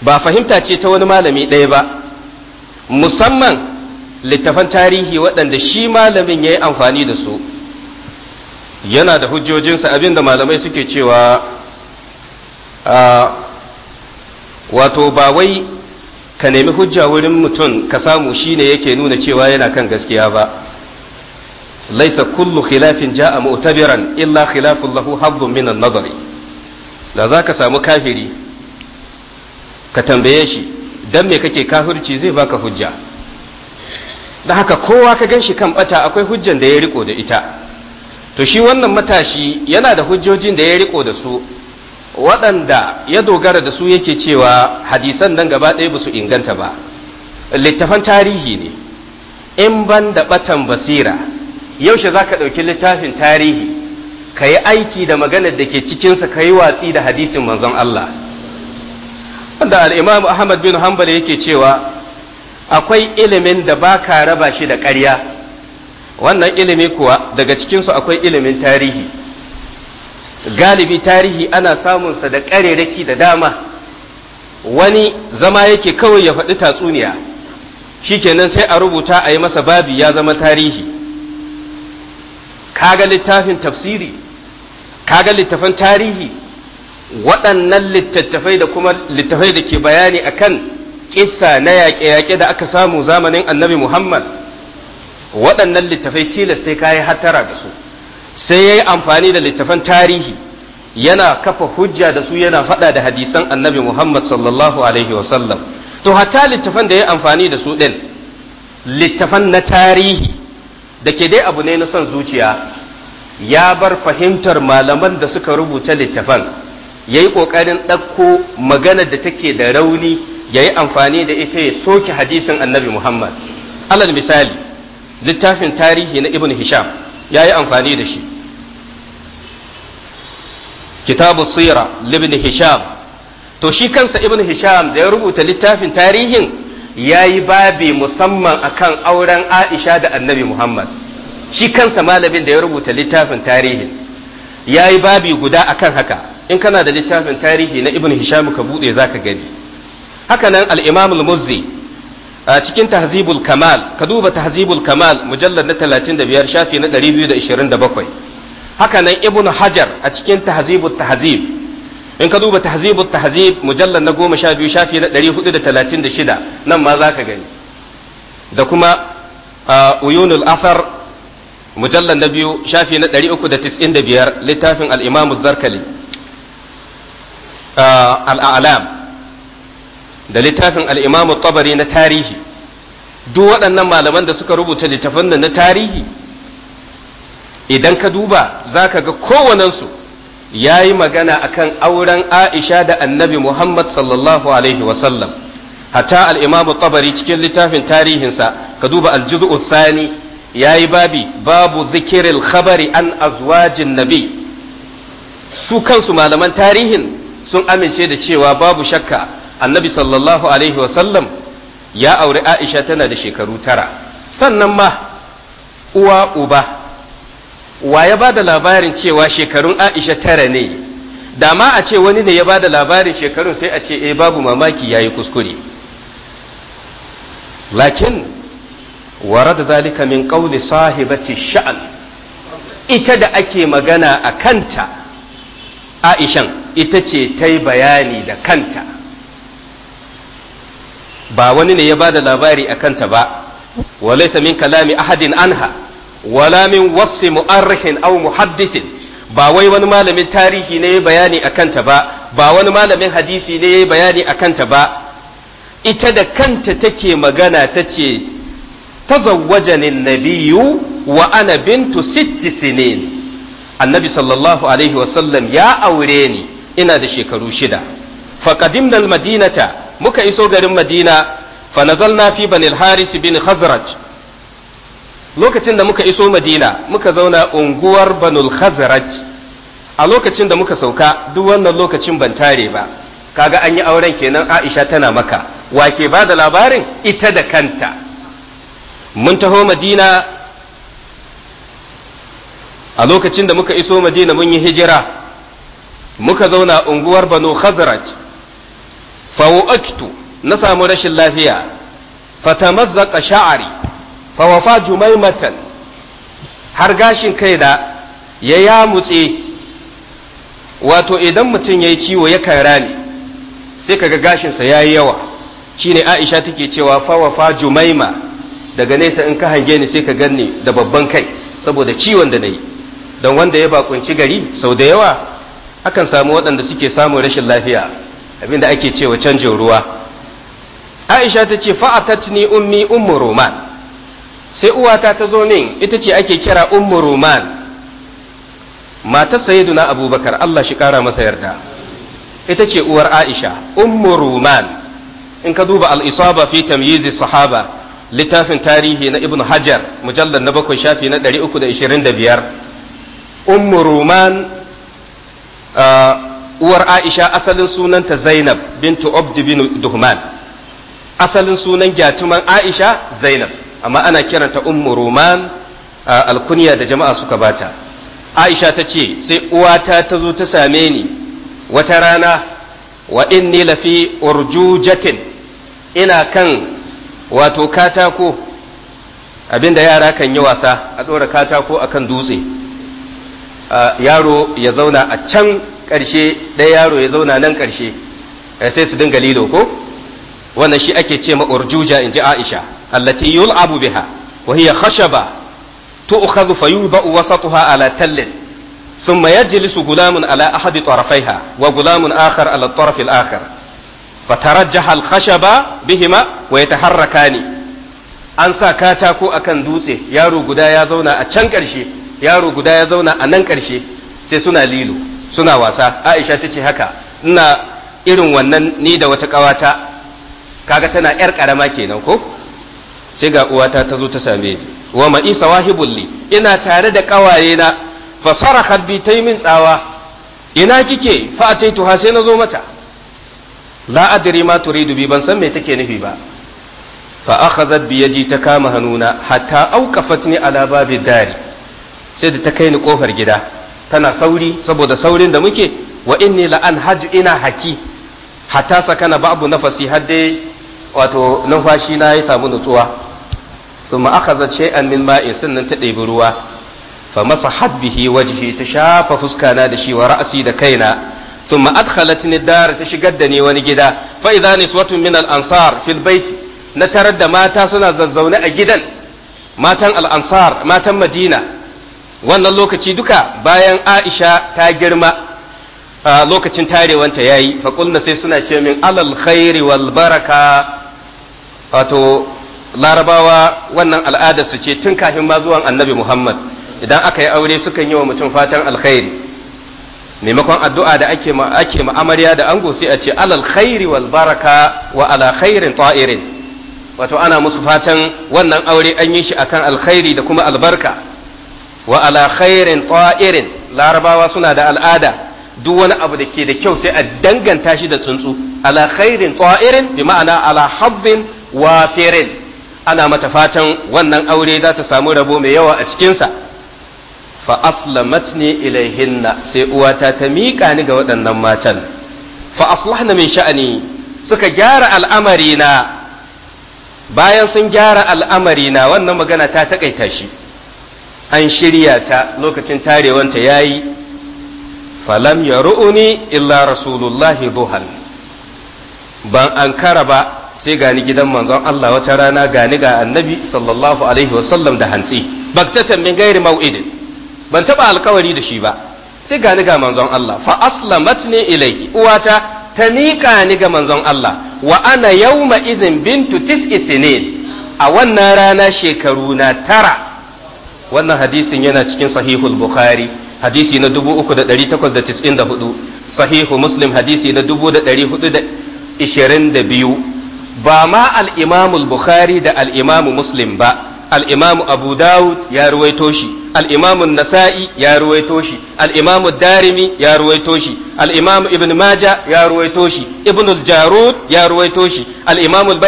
ba fahimta ce ta wani malami ɗaya ba musamman littafan tarihi waɗanda shi malamin ya yi amfani da su yana da hujjojinsa abinda malamai suke cewa ah, wato ba wai ka nemi hujja wurin mutum ka samu shi ne yake nuna cewa yana kan gaskiya ba laisa kullu khilafin ja'a mu'tabiran illa khilafun lahu haddun min an-nadari da zaka samu kafiri ka tambaye shi dan me kake kafirci zai baka hujja da haka kowa ka ganshi kan bata akwai hujjan da ya riko da ita to shi wannan matashi yana da hujjojin da ya riko da su waɗanda ya dogara da su yake cewa hadisan nan gaba ɗaya ba su inganta ba littafan tarihi ne in ban da ɓatan basira yaushe za ka ɗauki littafin tarihi ka yi aiki da maganar da ke cikinsa ka yi watsi da hadisin manzon Allah wanda al'imamu Ahmad bin Hanbal yake cewa akwai ilimin da ba ka raba shi da ƙarya wannan ilimi kuwa daga cikinsu akwai ilimin tarihi galibi tarihi ana samunsa da ƙareraki da dama wani zama yake kawai ya faɗi tatsuniya shi shikenan sai a rubuta a yi masa babi ya zama tarihi kaga littafin tafsiri kaga littafan tarihi waɗannan littattafai da kuma littafai da ke bayani akan ƙissa na yaƙe-yaƙe da aka samu zamanin annabi muhammad waɗannan littafai tilas sai ka yi hattara da su sai ya yi amfani da littafan tarihi yana kafa hujja da su yana faɗa da hadisan annabi muhammad sallallahu alaihi wasallam to hatta littafan da ya amfani da su ɗin littafan na tarihi da ke dai abu ne na son zuciya ya bar fahimtar malaman da suka rubuta littafan ya yi ƙoƙarin ɗauko maganar da take da rauni ya yi amfani da ita ya soke hadisin annabi muhammad alal misali littafin tarihi na ibn hisham ya yi amfani da shi kitabu sira libni hisham to shi kansa ibn hisham da ya rubuta littafin tarihin ya yi babi musamman akan auren aisha da annabi muhammad shi kansa malamin da ya rubuta littafin tarihin ya yi babi guda akan haka in kana da littafin tarihi na ibn hisham ka buɗe za ka gani hakanan al-imam al a cikin tahzibul kamal ka duba tahzibul kamal mujallar na 35 shafi na 227 haka nan ibn hajar a cikin tahzibul tahzib in ka duba tahzibul tahzib mujallar na 12 shafi na 436 nan ma za ka gani da kuma uyunul athar mujallar na biyu shafi na 395 littafin al-imam zarkali al-a'lam da littafin al'imamu tabari na tarihi duk waɗannan malaman da suka rubuta littafin da na tarihi idan ka duba za ka ga kowanensu ya yi magana akan auren aisha da annabi muhammad sallallahu alaihi wasallam hatta al'imamu tabari cikin littafin tarihinsa ka duba aljuzu sani ya yi babi babu zikirin khabari an azwajin nabi su kansu malaman tarihin sun amince da cewa babu shakka annabi sallallahu alaihi wasallam ya auri aisha tana da shekaru tara sannan ma uwa uba wa ya ba da labarin cewa shekarun aisha tara ne da ma a ce wani ne ya ba da labarin shekarun sai a ce eh babu mamaki ya yi kuskure lakin da zalika min qawli sahibati sha'an ita da ake magana a kanta aishan ita ce ta yi bayani da kanta ba wani ne ya ba da labari a kanta ba wa min kalami ahadin anha wala min wasfi mu'arrihin aw muhaddisin ba wai wani malamin tarihi ne ya bayani a kanta ba ba wani malamin hadisi ne ya bayani a kanta ba ita da kanta take magana ta ce tazawwajani nabiyu wa ana bintu sitti sinin annabi sallallahu alaihi wasallam ya aure ni ina da shekaru shida faqadimna Madinata. muka iso garin madina fa nazalna fi bani al-haris bin khazraj lokacin da muka iso madina muka zauna unguwar banul khazraj a lokacin da muka sauka duk wannan lokacin ban tare ba kaga an yi auren kenan aisha tana maka Wa ke ba da labarin ita da kanta mun taho madina a lokacin da muka iso madina mun yi hijira muka zauna unguwar banu khazraj fawaktu na samu rashin lafiya fatamazzaqa sha'ari fa wafa jumaimatan har gashin kai da ya mutse, wato idan mutum yayi ciwo yakan rame sai kaga gashinsa yayi yawa shine Aisha take cewa fa wafa jumaima daga nesa in ka hange ni sai ka ganni da babban kai saboda ciwon da nayi don wanda ya bakunci gari sau da yawa akan samu waɗanda suke samun rashin lafiya abinda ake cewa canjin ruwa aisha ta ce fa'atatni ummi ummu roman sai uwata ta zo min ita ce ake kira ummu roman mata sayyiduna abubakar Allah shi kara masa yarda ita ce uwar aisha ummu roman in ka duba al-isaba fi tamyizi sahaba littafin tarihi na ibn hajar mujallar na bakwai shafi na 325 ummu roman uh, uwar Aisha asalin sunanta Zainab bintu Abd bin Duhman asalin sunan gyatuman Aisha Zainab amma ana kiranta Ummu Ruman alkunya da jama'a suka bata Aisha ta ce sai uwata ta zo ta same ni wata rana wa inni lafi urjujatin ina kan wato katako abinda yara kan yi wasa a ɗora katako akan dutse yaro ya zauna a can ƙarshe ɗaya yaro ya zauna nan ƙarshe eh, sai su dinga lilo ko wannan shi ake ce ma urjuja in ji aisha allati yul'abu biha wa hiya khashaba tu'khadhu fayudba'u wasatuha ala tallin ثم يجلس غلام على أحد طرفيها وغلام آخر على الطرف الآخر فترجح الخشب بهما ويتحركان an sa katako a kan dutse yaro guda ya zauna a can ƙarshe yaro guda ya zauna a nan ƙarshe sai suna lilo suna wasa aisha ta ce haka ina irin wannan ni da wata ƙawata kaga tana yar ƙarama kenan ko sai ga uwata ta zo ta same ni wa ma isa wahibul li ina tare da ƙawaye na fa sarahat bi taymin min tsawa ina kike fa ha sai na zo mata la adri ma turidu bi ban san me take nufi ba fa akhazat bi yadi ta kama hannuna hatta auqafatni ala babi dari sai da ta kai ni kofar gida tana sauri saboda saurin da muke wa inni la an ina haki hatta sakana babu nafasi har dai wato numfashi na ya samu nutsuwa summa akhazat shay'an min ma'in sannan ta ɗebi ruwa fa masahat bihi wajhi ta shafa fuskana da shi wa ra'si da kaina thumma adkhalatni dar ta shigar da ni wani gida fa idza min al ansar fil na tarar da mata suna zazzaune a gidan matan al ansar matan madina wannan lokaci duka bayan aisha ta girma a lokacin tarewanta ya yi faƙulna sai suna ce min alal khairi wal baraka wato larabawa wannan al'ada su ce tun kafin ma zuwan annabi muhammad idan aka yi aure sukan yi wa mutum fatan alkhairi maimakon addu'a da ake ake amarya da ango sai a ce alal khairi wal baraka wa ala khairin ta'irin wato ana musu fatan wannan aure an yi shi akan alkhairi da kuma albarka wa ala khairin ta'irin larabawa suna da al'ada duk wani abu da ke da kyau sai a danganta shi da tsuntsu ala khairin ta'irin bi ma'ana ala habbin wafirin ana mata fatan wannan aure za ta samu rabo mai yawa a cikin sa fa aslamatni ilaihinna sai uwata ta miƙa ni ga waɗannan matan fa aslahna min sha'ani suka gyara al'amari na bayan sun gyara al'amari na wannan magana ta taƙaita shi an shirya ta lokacin tarewanta ya yi falam ya ru'uni illa rasulullahi duhan ban an kara ba sai gani gidan manzon Allah wata rana gani ga annabi sallallahu alaihi wasallam da hantsi baktatan min gairi mau'idin ban taba alkawari da shi ba sai gani ga manzon Allah fa aslamat ne ilaiki uwata ta miƙa ni ga manzon Allah wa ana ma izin bintu tis'i sinin a wannan rana shekaru na tara wannan hadisin yana cikin sahihul bukhari hadisi na 3894 sahihu muslim hadisi na 4422 ba ma al-imamul bukhari da al-imamu muslim ba al-imam abu ya ruwaito shi al-imam nasa'i ya ruwaito shi al-imam darimi ya ruwaito shi al-imam ibn maja ya ruwaito shi ibn al-jarud ya ruwaito shi al-imam al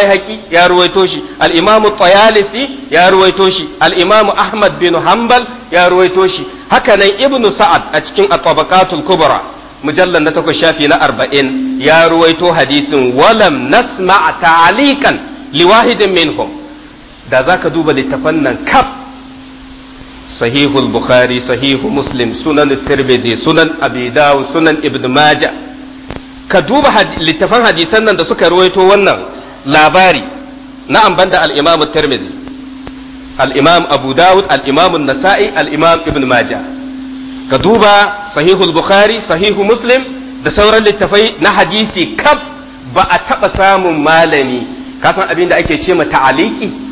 ya ruwaito shi al-imam at ya ruwaito shi al-imam ahmad bin hanbal ya ruwaito shi haka ibn sa'ad a cikin at-tabaqatul kubra mujallar na takwas shafi na arba'in ya ruwaito hadisin walam nasma'a ta'alikan liwahidin Minho. da za ka duba littafan nan kaf sahihul bukhari sahihu muslim sunan tirmizi sunan abi dawud sunan ibn maja ka duba littafan hadisan nan da suka ruwaito wannan labari na banda al-imam tirmizi al-imam abu dawud al-imam an-nasa'i al-imam ibn maja ka duba sahihul bukhari sahihu muslim da sauran littafai na hadisi kab ba a taɓa samun malami kasan abin da ake ce ma ta'aliki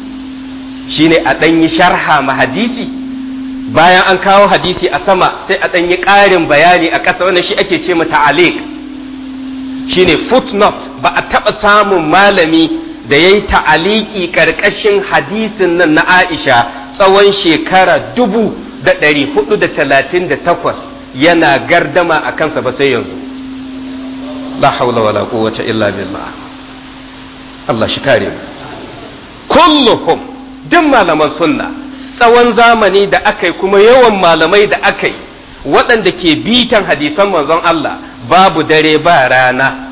shine a ɗan yi sharha ma hadisi bayan an kawo hadisi a sama sai a ɗan yi ƙarin bayani a ƙasa wannan shi ake ce mata alik shine footnote ba a taɓa samun malami da ya yi ta'aliki ƙarƙashin hadisin nan na Aisha tsawon shekara dubu da ɗari hudu da talatin da takwas yana gardama a kansa ba sai yanzu. La haula wala quwwata illa billah. Allah shi kare. Kulluhum duk malaman sunna tsawon zamani da aka yi kuma yawan malamai da aka yi waɗanda ke bitan hadisan manzon Allah babu dare ba rana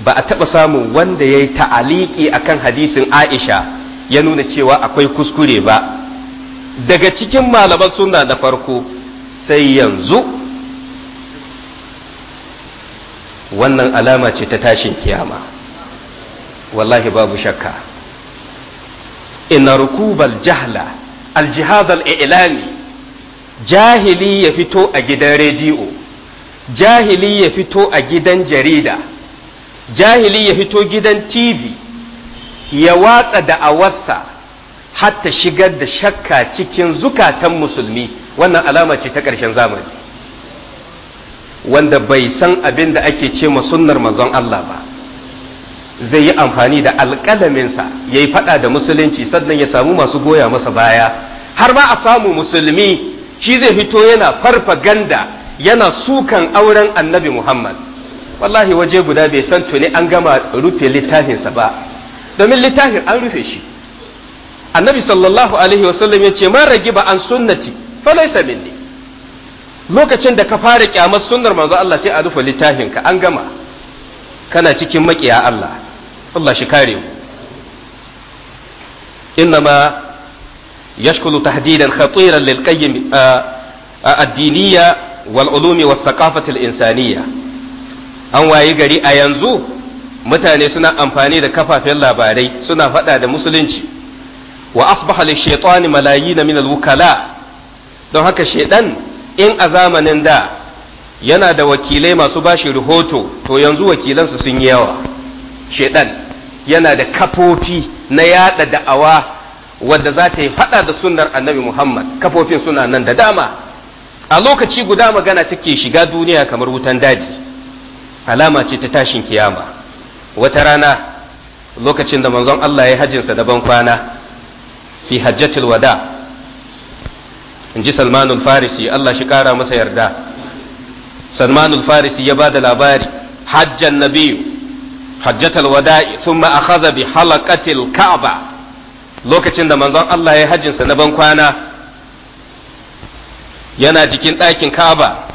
ba a taɓa samun wanda ya yi ta'aliki akan hadisin Aisha ya nuna cewa akwai kuskure ba daga cikin malaman sunna da farko sai yanzu wannan alama ce ta tashin kiyama wallahi babu shakka ina rukubal aljihazal ilami jahili ya fito a gidan rediyo jahili ya fito a gidan jarida jahili ya fito gidan tv ya watsa da da'awarsa hatta shigar da shakka cikin zukatan musulmi wannan alama ce ta ƙarshen zamani wanda bai san abin da ake ce ma sunnar manzon Allah ba zai yi amfani da alƙalaminsa ya yi faɗa da musulunci sannan ya samu masu goya masa baya har ma a samu musulmi shi zai fito yana farfaganda yana sukan auren annabi muhammad wallahi waje guda bai san tuni an gama rufe littafinsa ba domin littafin an rufe shi annabi sallallahu alaihi wasallam ya ce man ba an sunnati fa minni lokacin da ka fara kyamar sunnar manzo Allah sai a rufe littafinka an gama kana cikin makiya Allah Allah shi kare mu yashkulu tahdidan khatiran lil qayyim ad-diniyya wal ulumi was al insaniyya an wayi gari a yanzu mutane suna amfani da kafafen labarai suna fada da musulunci wa asbaha lil malayi na min al wukala don haka shaiɗan in a zamanin da yana da wakilai masu bashi rahoto to yanzu wakilansu sun yi yawa shedan yana da kafofi na yada da'awa wadda za ta yi fada da sunnar annabi Muhammad kafofin suna nan da dama a lokaci guda magana take shiga duniya kamar wutan daji alama ce ta tashin kiyama wata rana lokacin da manzon Allah ya hajjinsa da ban kwana fi hajjatul wada in ji salmanul farisi Allah shi kara masa yarda salmanul farisi ya ba da labari hajjan nabiyu hajjatal wada'i thumma akhadha bi halaqatil ka'aba lokacin da manzon Allah ya hajjinsa na ban kwana yana jikin ɗakin ka'aba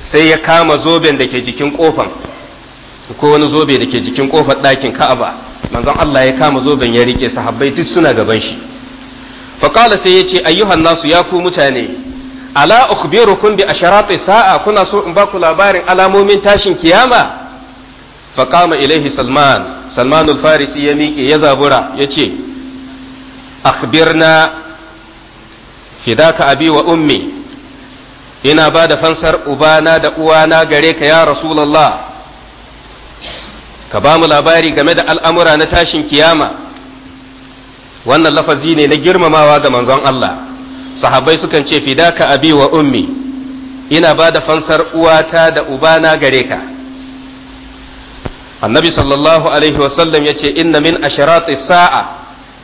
sai ya kama zoben da ke jikin kofan ko wani zobe da ke jikin kofar ɗakin ka'aba manzon Allah ya kama zoben ya rike sahabbai duk suna gaban shi faƙala sai ya ce ayyuhan nasu ya ku mutane ala ukhbirukum bi asharati sa'a kuna so in ba ku labarin alamomin tashin kiyama faƙama ilaihi salman Salmanul farisi ya miƙe ya zabura ya ce akhbirna fidaka abi wa ummi ina ba da fansar ubana da uwana gare ka ya rasulallah ka bamu labari game da al'amura na tashin kiyama wannan lafazi ne na girmamawa ga manzon Allah Sahabai sukan ce fidaka abi wa ummi ina ba da fansar uwata da ubana gare ka annabi sallallahu alaihi wasallam ya ce inna min asharati sa'a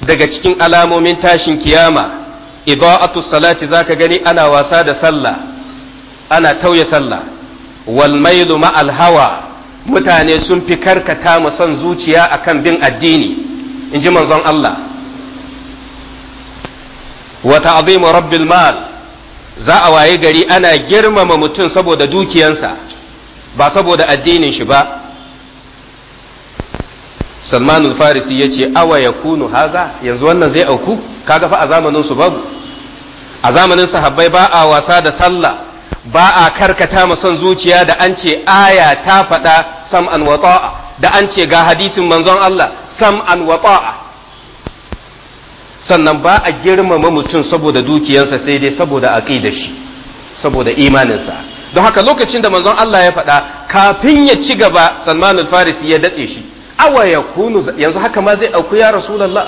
daga cikin alamomin tashin kiyama idaa'atu salati zaka gani ana wasa da sallah ana tauya sallah wal mailu ma'al hawa mutane sun fi karkata ma son zuciya akan bin addini in ji manzon Allah wa ta'zimu rabbil mal za a waye gari ana girmama mutum saboda dukiyansa ba saboda addinin shi ba salmanul farisi ya ce awa ya kunu haza yanzu wannan zai auku kaga fa a zamanin su babu a zamanin sahabbai ba a wasa da sallah ba a karkata ma son zuciya da an ce aya ta faɗa sam an ta'a da an ce ga hadisin manzon Allah sam an ta'a sannan ba a girmama mutum saboda dukiyarsa sai dai saboda da shi saboda imaninsa don haka lokacin da manzon Allah ya faɗa kafin ya ci gaba Salman farisi ya datse shi awa ya kunu yanzu haka ma zai auku ya rasulallah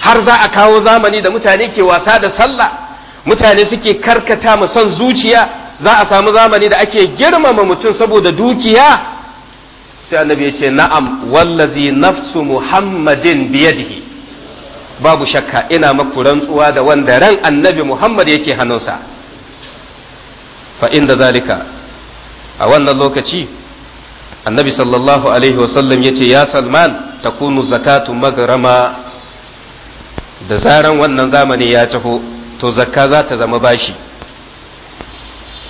har za a kawo zamani da mutane ke wasa da sallah mutane suke karkata mu son zuciya za a samu zamani da ake girmama mutum saboda dukiya sai annabi ya ce na'am wallazi nafsu muhammadin biyadihi babu shakka ina maku rantsuwa da wanda ran annabi muhammad yake hannunsa fa inda zalika a wannan lokaci annabi sallallahu alaihi wasallam ya ce ya salman takunu zakatu magarama da zaran wannan zamani ya taho to zakka za ta zama bashi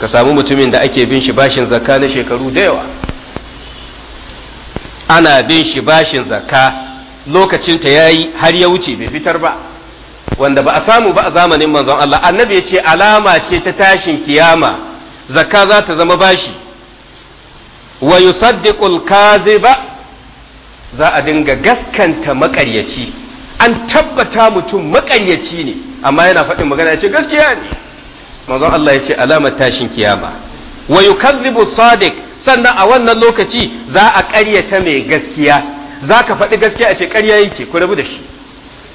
ka samu mutumin da ake bin shi bashin zakka na shekaru da yawa ana bin shi bashin zakka lokacin ta yayi har ya wuce bai fitar ba wanda ba a samu ba a zamanin manzon Allah annabi ya ce alama ce ta tashin kiyama zakka za ta zama bashi wa yusaddiqul kaziba za a dinga gaskanta makaryaci an tabbata mutum makaryaci ne amma yana faɗin magana ya ce gaskiya ne manzon Allah ya ce alamar tashin kiyama wa yukadzibu sadiq sannan a wannan lokaci za a ƙaryata mai gaskiya za ka faɗi gaskiya a ce ƙarya yake ku rabu da shi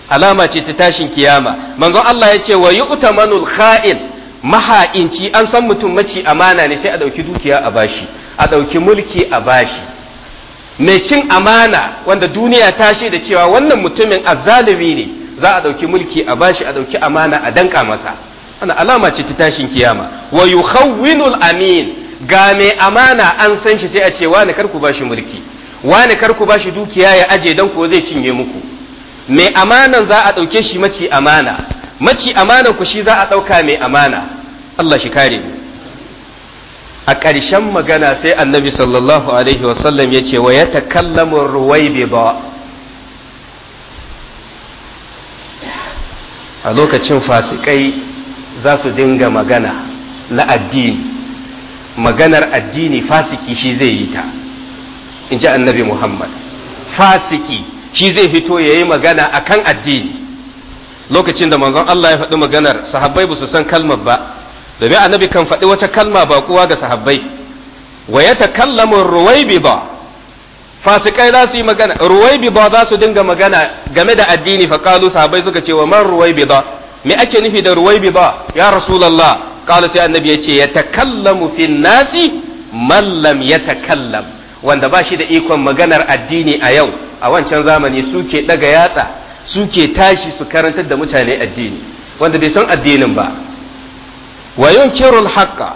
alama ce ta tashin kiyama manzon Allah ya ce wa yu'tamanul kha'in maha'inci an san mutum maci amana ne sai a ɗauki dukiya a bashi a ɗauki mulki a bashi mai cin amana wanda duniya ta da cewa wannan mutumin azzalumi ne za a ɗauki mulki a bashi a ɗauki amana a danka masa wannan alama ce ta tashin kiyama wa yukhawwinul amin ga mai amana an san shi sai a ce wani kar ku bashi mulki wani kar ku bashi dukiya ya aje dan ko zai cinye muku mai amanan za a ɗauke shi maci amana maci amanan ku shi za a ɗauka mai amana Allah shi kare mu a ƙarshen magana sai annabi sallallahu alaihi wasallam ya ce wa ya kallamin ruwaibi ba a lokacin fasikai za su dinga magana na addini maganar addini fasiki shi zai yi ta in ji annabi muhammad fasiki shi zai fito ya yi magana a kan addini lokacin da manzon Allah ya faɗi maganar sahabbai ba su san kalmar ba domin annabi kan faɗi wata kalma ba kuwa ga sahabbai wa ya ruwaibi ba fasikai za su yi magana ba za su dinga magana game da addini fa qalu sahabbai suka ce wa man ba me ake nufi da ba ya rasulullah qala sai annabi ya ce ya takallamu fin nasi man lam yatakallam wanda ba shi da ikon maganar addini a yau a wancan zamani suke daga yatsa suke tashi su karantar da mutane addini wanda bai san addinin ba wa yunkirul haqqa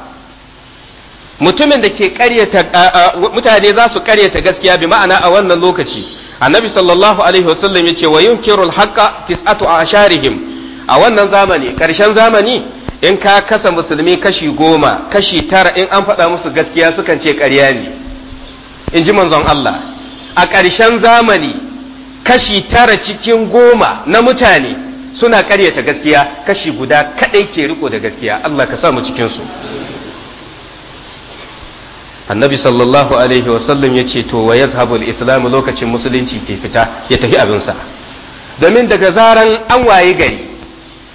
mutumin da ke ƙaryata mutane za su ƙaryata gaskiya bi ma'ana a wannan lokaci annabi sallallahu alaihi wasallam yace wa yunkirul haqqa tis'atu asharihim a wannan zamani ƙarshen zamani in ka kasa musulmi kashi goma kashi tara in an faɗa musu gaskiya sukan ce ƙarya ne in ji manzon Allah a ƙarshen zamani kashi tara cikin goma na mutane suna karyata gaskiya kashi guda kaɗai ke riko da gaskiya Allah ka samu cikin su annabi sallallahu alaihi wasallam ya ce to wa yazhabu islam lokacin musulunci ke fita ya tafi abinsa domin daga zaran an waye gari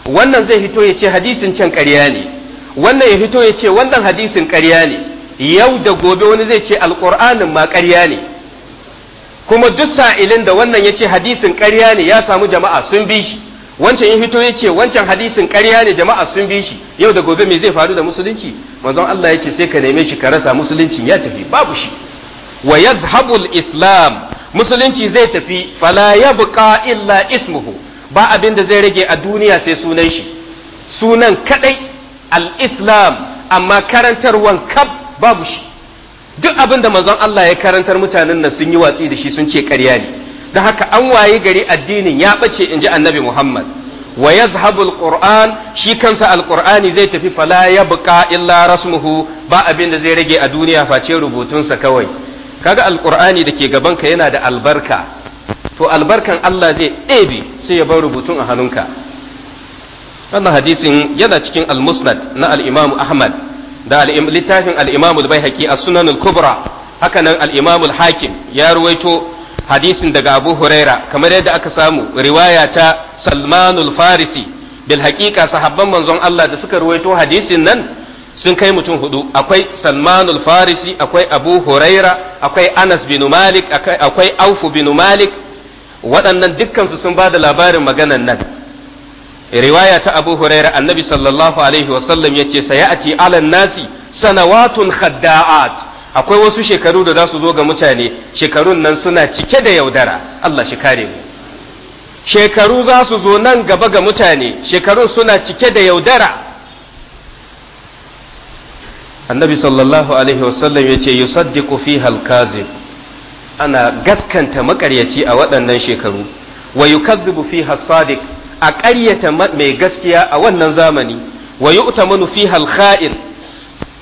wannan zai hito ya ce hadisin can ƙarya ne wannan ya hito ya ce wannan hadisin ƙarya ne yau da gobe wani zai ce alƙur'anin ma ƙarya ne kuma duk sa'ilin da wannan ya ce hadisin ƙarya ne ya samu jama'a sun bi shi wancan in fito ya ce wancan hadisin ƙarya ne jama'a sun bi shi yau da gobe me zai faru da musulunci manzon Allah ya ce sai ka neme shi ka rasa musuluncin ya tafi babu shi wa yazhabul islam musulunci zai tafi fala yabqa illa ismuhu ba abin da zai rage a duniya sai sunan shi sunan kadai al-islam amma karantarwan kab babu shi duk abin da manzon Allah ya karantar mutanen nan sun yi watsi da shi sun ce ƙarya ne da haka an waye gari addinin ya ɓace in ji annabi muhammad wa yazhabu alquran shi kansa alqur'ani zai tafi fala buka illa rasmuhu ba abin da zai rage a duniya face rubutunsa kawai kaga alqur'ani da ke gabanka yana da albarka to albarkan Allah zai ɗebe sai ya bar rubutun a hannunka wannan hadisin yana cikin al-musnad na al-imamu ahmad da littafin al-imamu al-baihaqi as-sunan al-kubra hakanan al-imamu al-hakim ya ruwaito hadisin daga abu huraira kamar yadda aka samu riwaya ta salmanul farisi bil haƙiƙa sahabban manzon Allah da suka ruwaito hadisin nan sun kai mutum hudu akwai salmanul farisi akwai abu huraira akwai anas bin malik akwai aufu bin malik waɗannan dukkansu sun ba da labarin maganan nan riwaya ta abu huraira annabi sallallahu alaihi wasallam ya ce sayati alan nasi sanawatun khadda'at akwai wasu shekaru da za su zo ga mutane shekarun nan suna cike da yaudara Allah shi kare mu shekaru za su zo nan gaba ga mutane shekarun suna cike da yaudara annabi sallallahu alaihi wasallam ya ce yusaddiqu fiha al ana gaskanta makaryaci a waɗannan shekaru wa yukazzibu fiha sadiq a ƙaryata mai gaskiya a wannan zamani wa yu'tamanu fiha al-kha'in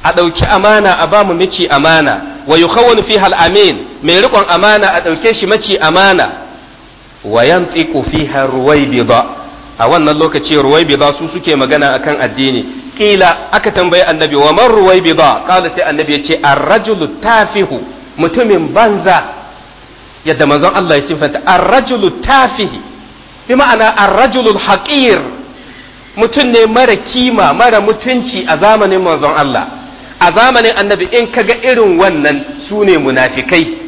a ɗauki amana a ba mu amana wa yukhawwanu fiha amin mai rikon amana a ɗauke shi maci amana wa yantiqu fiha ba a wannan lokaci ba su suke magana akan addini kila aka tambayi annabi wa man ba kala sai annabi ya ce ar tafihu mutumin banza yadda manzon Allah ya sifanta ar-rajulu tafihi bi ma'ana ar-rajulu haqir mutum ne mara kima mara mutunci a zamanin manzon Allah a zamanin annabi in kaga irin wannan su ne munafikai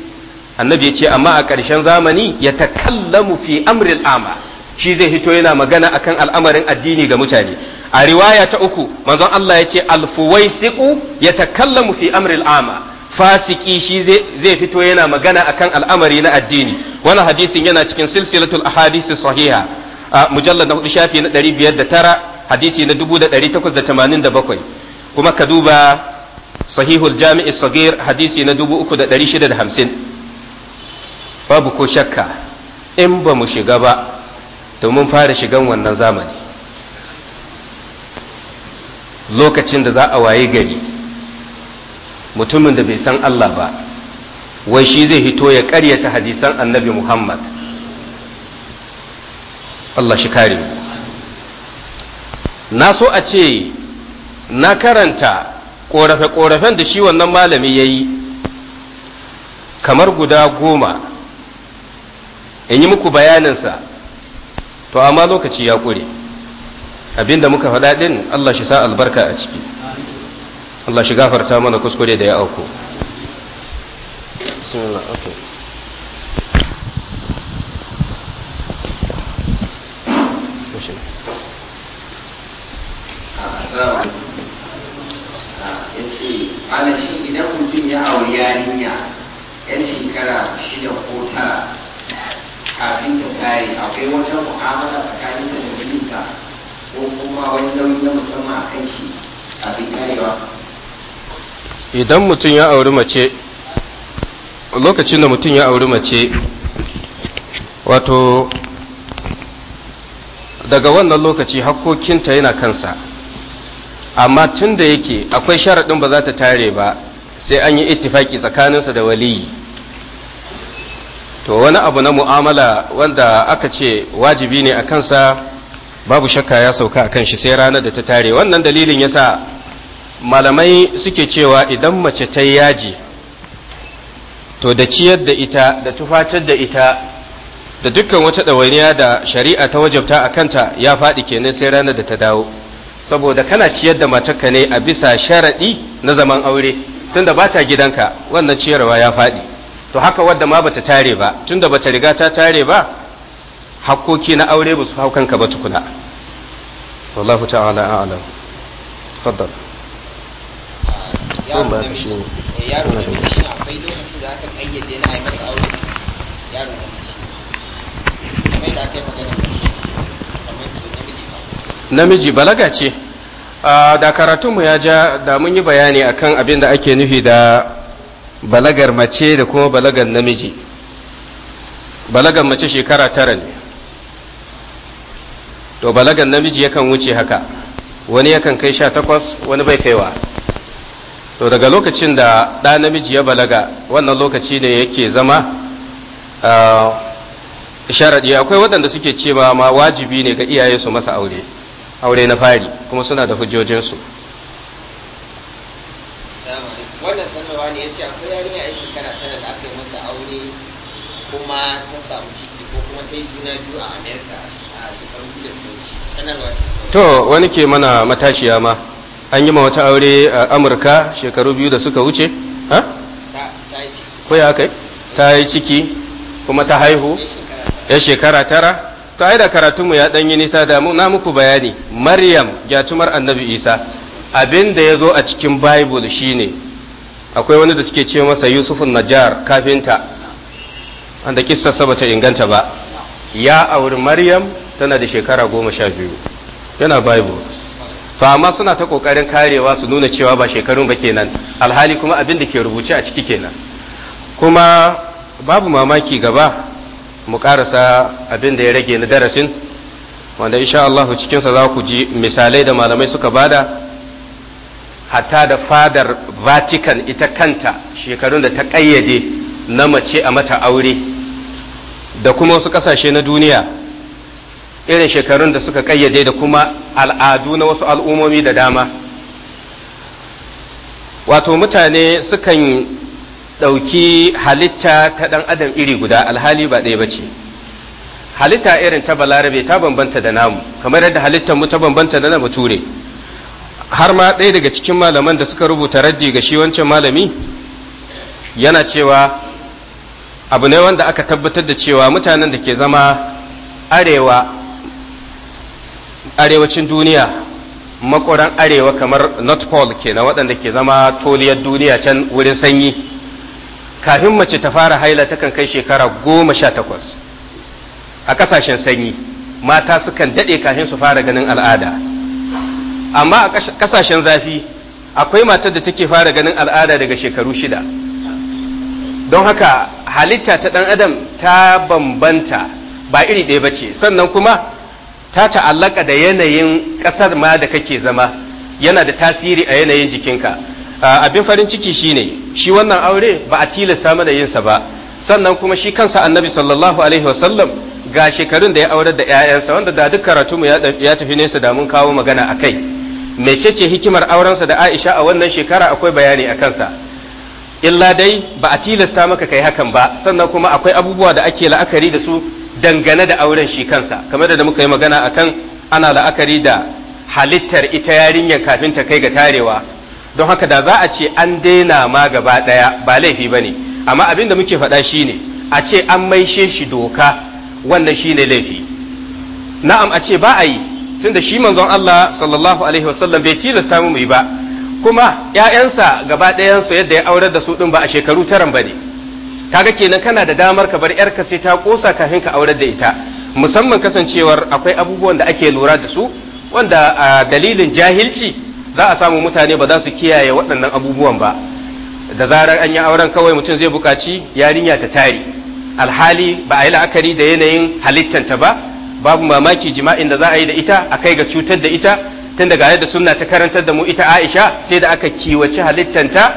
annabi ya ce amma a ƙarshen zamani ya takallamu fi amril ama shi zai hito yana magana akan al'amarin addini ga mutane a riwaya ta uku manzon Allah ya ce alfuwaisiku ya takallamu fi amril ama fasiki shi zai fito yana magana akan al'amari na addini wannan hadisin yana cikin silsilatul ahadisi sahiha a mujallad na hudu shafi na 509 hadisi na 1887 kuma ka duba sahihul jami'i sagir hadisi na da shida 3650 babu ko shakka in ba mu shiga ba domin fara shigan wannan zamani lokacin da za a waye gari mutumin da bai san Allah ba wai shi zai fito ya karyata hadisan annabi Muhammad Allah shi kare mu na so a ce na karanta korafe-korafen da shi wannan malami ya yi kamar guda goma in yi muku bayaninsa to amma lokaci ya ƙure abinda muka faɗa ɗin Allah shi sa albarka a ciki Allah shi gafarta mana kuskure da ya auku Thank you. malam shi idan mutum ya auri yarinya yan shekara shida ko tara kafin ta tare akwai wata mu'amala tsakanin ta da ta ko kuma wani nauyi na musamman a kan shi kafin tarewa idan mutum ya auri mace lokacin da mutum ya auri mace wato daga wannan lokaci hakokinta yana kansa amma tun da yake akwai sharaɗin ba za ta tare ba sai an yi ittifaki tsakaninsa da waliyi to wani abu na mu'amala wanda aka ce wajibi ne a kansa babu shakka ya sauka a kan shi sai ranar da ta tare wannan dalilin yasa malamai suke cewa idan mace ta yi yaji to da ciyar da ita da tufatar da ita da dukkan wata ɗawainiya da shari'a ta wajabta a kanta ya faɗi kenan sai ranar da ta dawo saboda kana ciyar da matarka ne a bisa sharaɗi na zaman aure tunda ba ta gidanka wannan ciyarwa ya faɗi to haka wadda ma bata tare ba tunda bata riga ta tare ba hakoki na aure ba su hau kanka ba tukuna wallahu ta'ala a'lam ya yaro da shi eh, akwai lokacin da aka kayyade na ai masa aure yaro da mace kamar da aka yi magana mace namiji balaga ce da karatunmu ya ja da mun yi bayani akan abin da ake nufi da balagar mace da kuma balagar namiji balagar mace shekara tara ne to balagar namiji yakan wuce haka wani yakan kai sha takwas wani bai kaiwa to daga lokacin da ɗa namiji ya balaga wannan lokaci ne yake zama sharaɗi akwai waɗanda suke cewa ma wajibi ne ga iyaye su masa aure aure na fari kuma suna da hujjojinsu wannan sanarwa ne ya ce akwai yarinya a shekara tara da aka yi mata aure kuma ta samu ciki ko kuma ta yi juna biyu a amerika a shekaru da suka wuce sanarwa to wani ke mana matashiya ma an yi ma wata aure a amurka shekaru biyu da suka wuce ha ta yi ciki ko ya kai ta yi ciki kuma ta haihu ya shekara tara to ai da karatunmu ya ɗan yi nisa da mu na muku bayani maryam jatumar annabi isa abin da ya zo a cikin bible shine akwai wani da suke ce masa yusufun najjar kafinta wanda saba bata inganta ba ya auri maryam tana da shekara goma sha biyu yana bible to amma suna ta kokarin karewa su nuna cewa ba shekarun ba kenan alhali kuma abin da ke rubuce a ciki kenan kuma babu mamaki gaba mu karasa abin da ya rage na darasin wanda insha Allah cikinsa za ku ji misalai da malamai suka bada hatta da fadar vatican ita kanta shekarun da ta kayyade na mace a mata aure da kuma wasu ƙasashe na duniya irin shekarun da suka kayyade da kuma al'adu na wasu al'umomi da dama wato mutane sukan ɗauki halitta ta ɗan adam iri guda alhali ba ɗaya ba ce halitta irin ta balarabe ta bambanta da namu kamar yadda halittar mu ta bambanta da na bature har ma ɗaya daga cikin malaman da suka rubuta raddi ga shi wancan malami yana cewa abu ne wanda aka tabbatar da cewa mutanen da ke zama arewa arewacin duniya makoran arewa kamar north pole ke na waɗanda ke zama toliyar duniya can wurin sanyi kafin mace ta fara haila takan kai shekara goma sha takwas a ƙasashen sanyi mata sukan daɗe kafin su fara ganin al'ada amma a ƙasashen zafi akwai matar da take fara ganin al'ada daga shekaru shida don haka halitta ta ɗan adam ta bambanta ba iri ɗaya ba ce sannan kuma ta ta'allaka da yanayin ƙasar ma da kake zama yana da tasiri a yanayin jikinka abin farin ciki shine shi wannan aure ba a tilasta mana yinsa ba sannan kuma shi kansa annabi sallallahu alaihi wasallam ga shekarun da ya aurar da 'ya'yansa wanda da duk karatu mu ya tafi nesa da mun kawo magana a kai mecece hikimar aurensa da Aisha a wannan shekara akwai bayani a kansa illa dai ba a tilasta maka kai hakan ba sannan kuma akwai abubuwa da ake la'akari da su dangane da auren shi kansa kamar da muka yi magana akan ana la'akari da halittar ita yarinyar kafin ta kai ga tarewa don haka da za a ce an daina ma gaba ɗaya ba laifi ba ne amma abin da muke faɗa shi ne a ce an maishe shi doka wannan shi ne laifi na'am a ce ba a yi tunda shi manzon Allah sallallahu alaihi wasallam bai tilasta mu yi ba kuma ƴaƴansa gaba ɗayansu yadda ya aurar da su ɗin ba a shekaru taran ba ne kaga kenan kana da damar ka bar ‘yarka sai ta ƙosa kafin ka aurar da ita musamman kasancewar akwai abubuwan da ake lura da su wanda a dalilin jahilci za a samu mutane ba za su kiyaye waɗannan abubuwan ba da zarar an yi auren kawai mutum zai buƙaci yarinya ta tari alhali ba a yi la'akari da yanayin halittanta ba babu mamaki jima'in da za a yi da ita a kai ga cutar da ita tun daga yadda sunna ta karantar da mu ita Aisha sai da aka kiwaci halittanta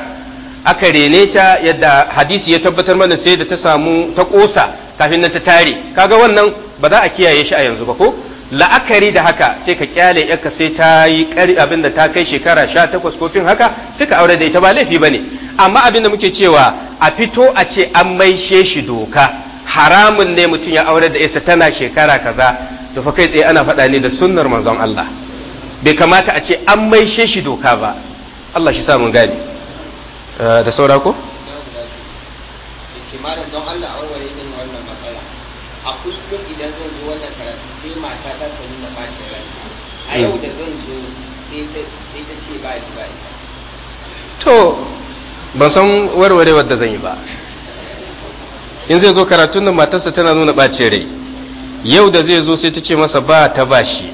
aka rene ta yadda hadisi ya tabbatar mana sai da ta samu ta ƙosa kafin nan ta tare kaga wannan ba za a kiyaye shi a yanzu ba ko la'akari da haka sai ka kyale yarka sai ta yi kari abinda ta kai shekara sha takwas kofin haka sai ka aure da ita ba laifi ba ne amma abin da muke cewa a fito a ce an maishe shi doka haramun ne mutum ya aure da isa tana shekara kaza to fa kai tsaye ana faɗa ne da sunnar manzon Allah bai kamata a ce an maishe shi doka ba Allah shi samun gani eh, da saura ko a kuskure ba to ban san warware wadda zan yi ba in zai zo karatun da matarsa tana nuna bacin rai yau da zai zo sai ta ce masa ba ta ba shi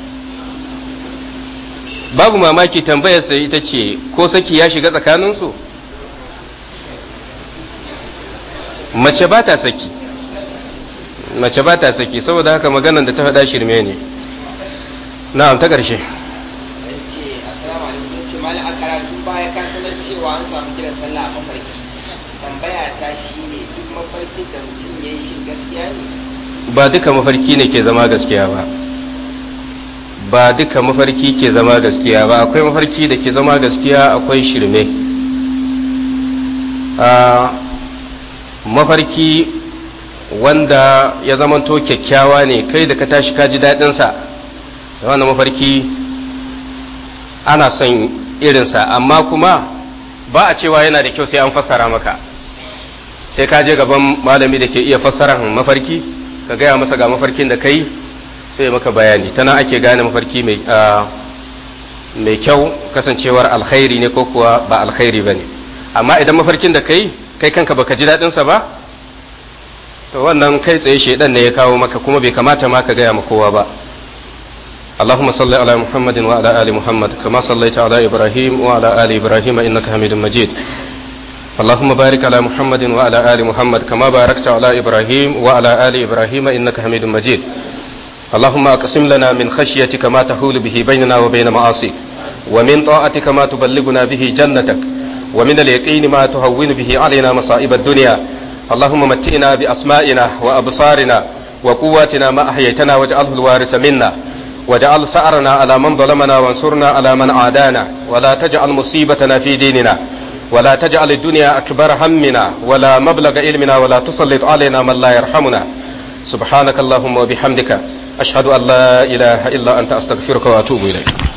babu mamaki tambayar sai ita ce ko saki ya shiga tsakaninsu mace ba ta saki mace ba ta saki saboda haka maganar da ta faɗa shirme ne na'am ta ƙarshe ba duka mafarki ne ke zama gaskiya ba ba duka mafarki ke zama gaskiya ba akwai mafarki da ke zama gaskiya akwai shirme ah, mafarki wanda ya zamanto kyakkyawa ne kai da ka tashi ka ji daɗinsa da wannan mafarki ana son irin sa amma kuma ba a cewa yana da kyau sai an fassara maka sai ka je gaban malami da ke iya fassara mafarki ka gaya masa ga mafarkin da kai sai maka bayani tana ake gane mafarki mai kyau kasancewar alkhairi ne ko kuwa ba alkhairi ba ne amma idan mafarkin da kai kai kanka baka ji daɗinsa ba to wannan kai tsaye shaidan ne ya kawo maka kuma bai kamata ma ka gaya ma kowa ba اللهم صل على محمد وعلى آل محمد كما صليت على إبراهيم وعلى آل إبراهيم إنك حميد مجيد اللهم بارك على محمد وعلى آل محمد كما باركت على إبراهيم وعلى آل إبراهيم إنك حميد مجيد اللهم أقسم لنا من خشيتك ما تحول به بيننا وبين معاصيك ومن طاعتك ما تبلغنا به جنتك ومن اليقين ما تهون به علينا مصائب الدنيا اللهم متئنا بأسمائنا وأبصارنا وقواتنا ما أحييتنا واجعله الوارث منا واجعل سعرنا على من ظلمنا وانصرنا على من عادانا ولا تجعل مصيبتنا في ديننا ولا تجعل الدنيا أكبر همنا ولا مبلغ علمنا ولا تسلط علينا من لا يرحمنا سبحانك اللهم وبحمدك أشهد أن لا إله إلا أنت أستغفرك وأتوب إليك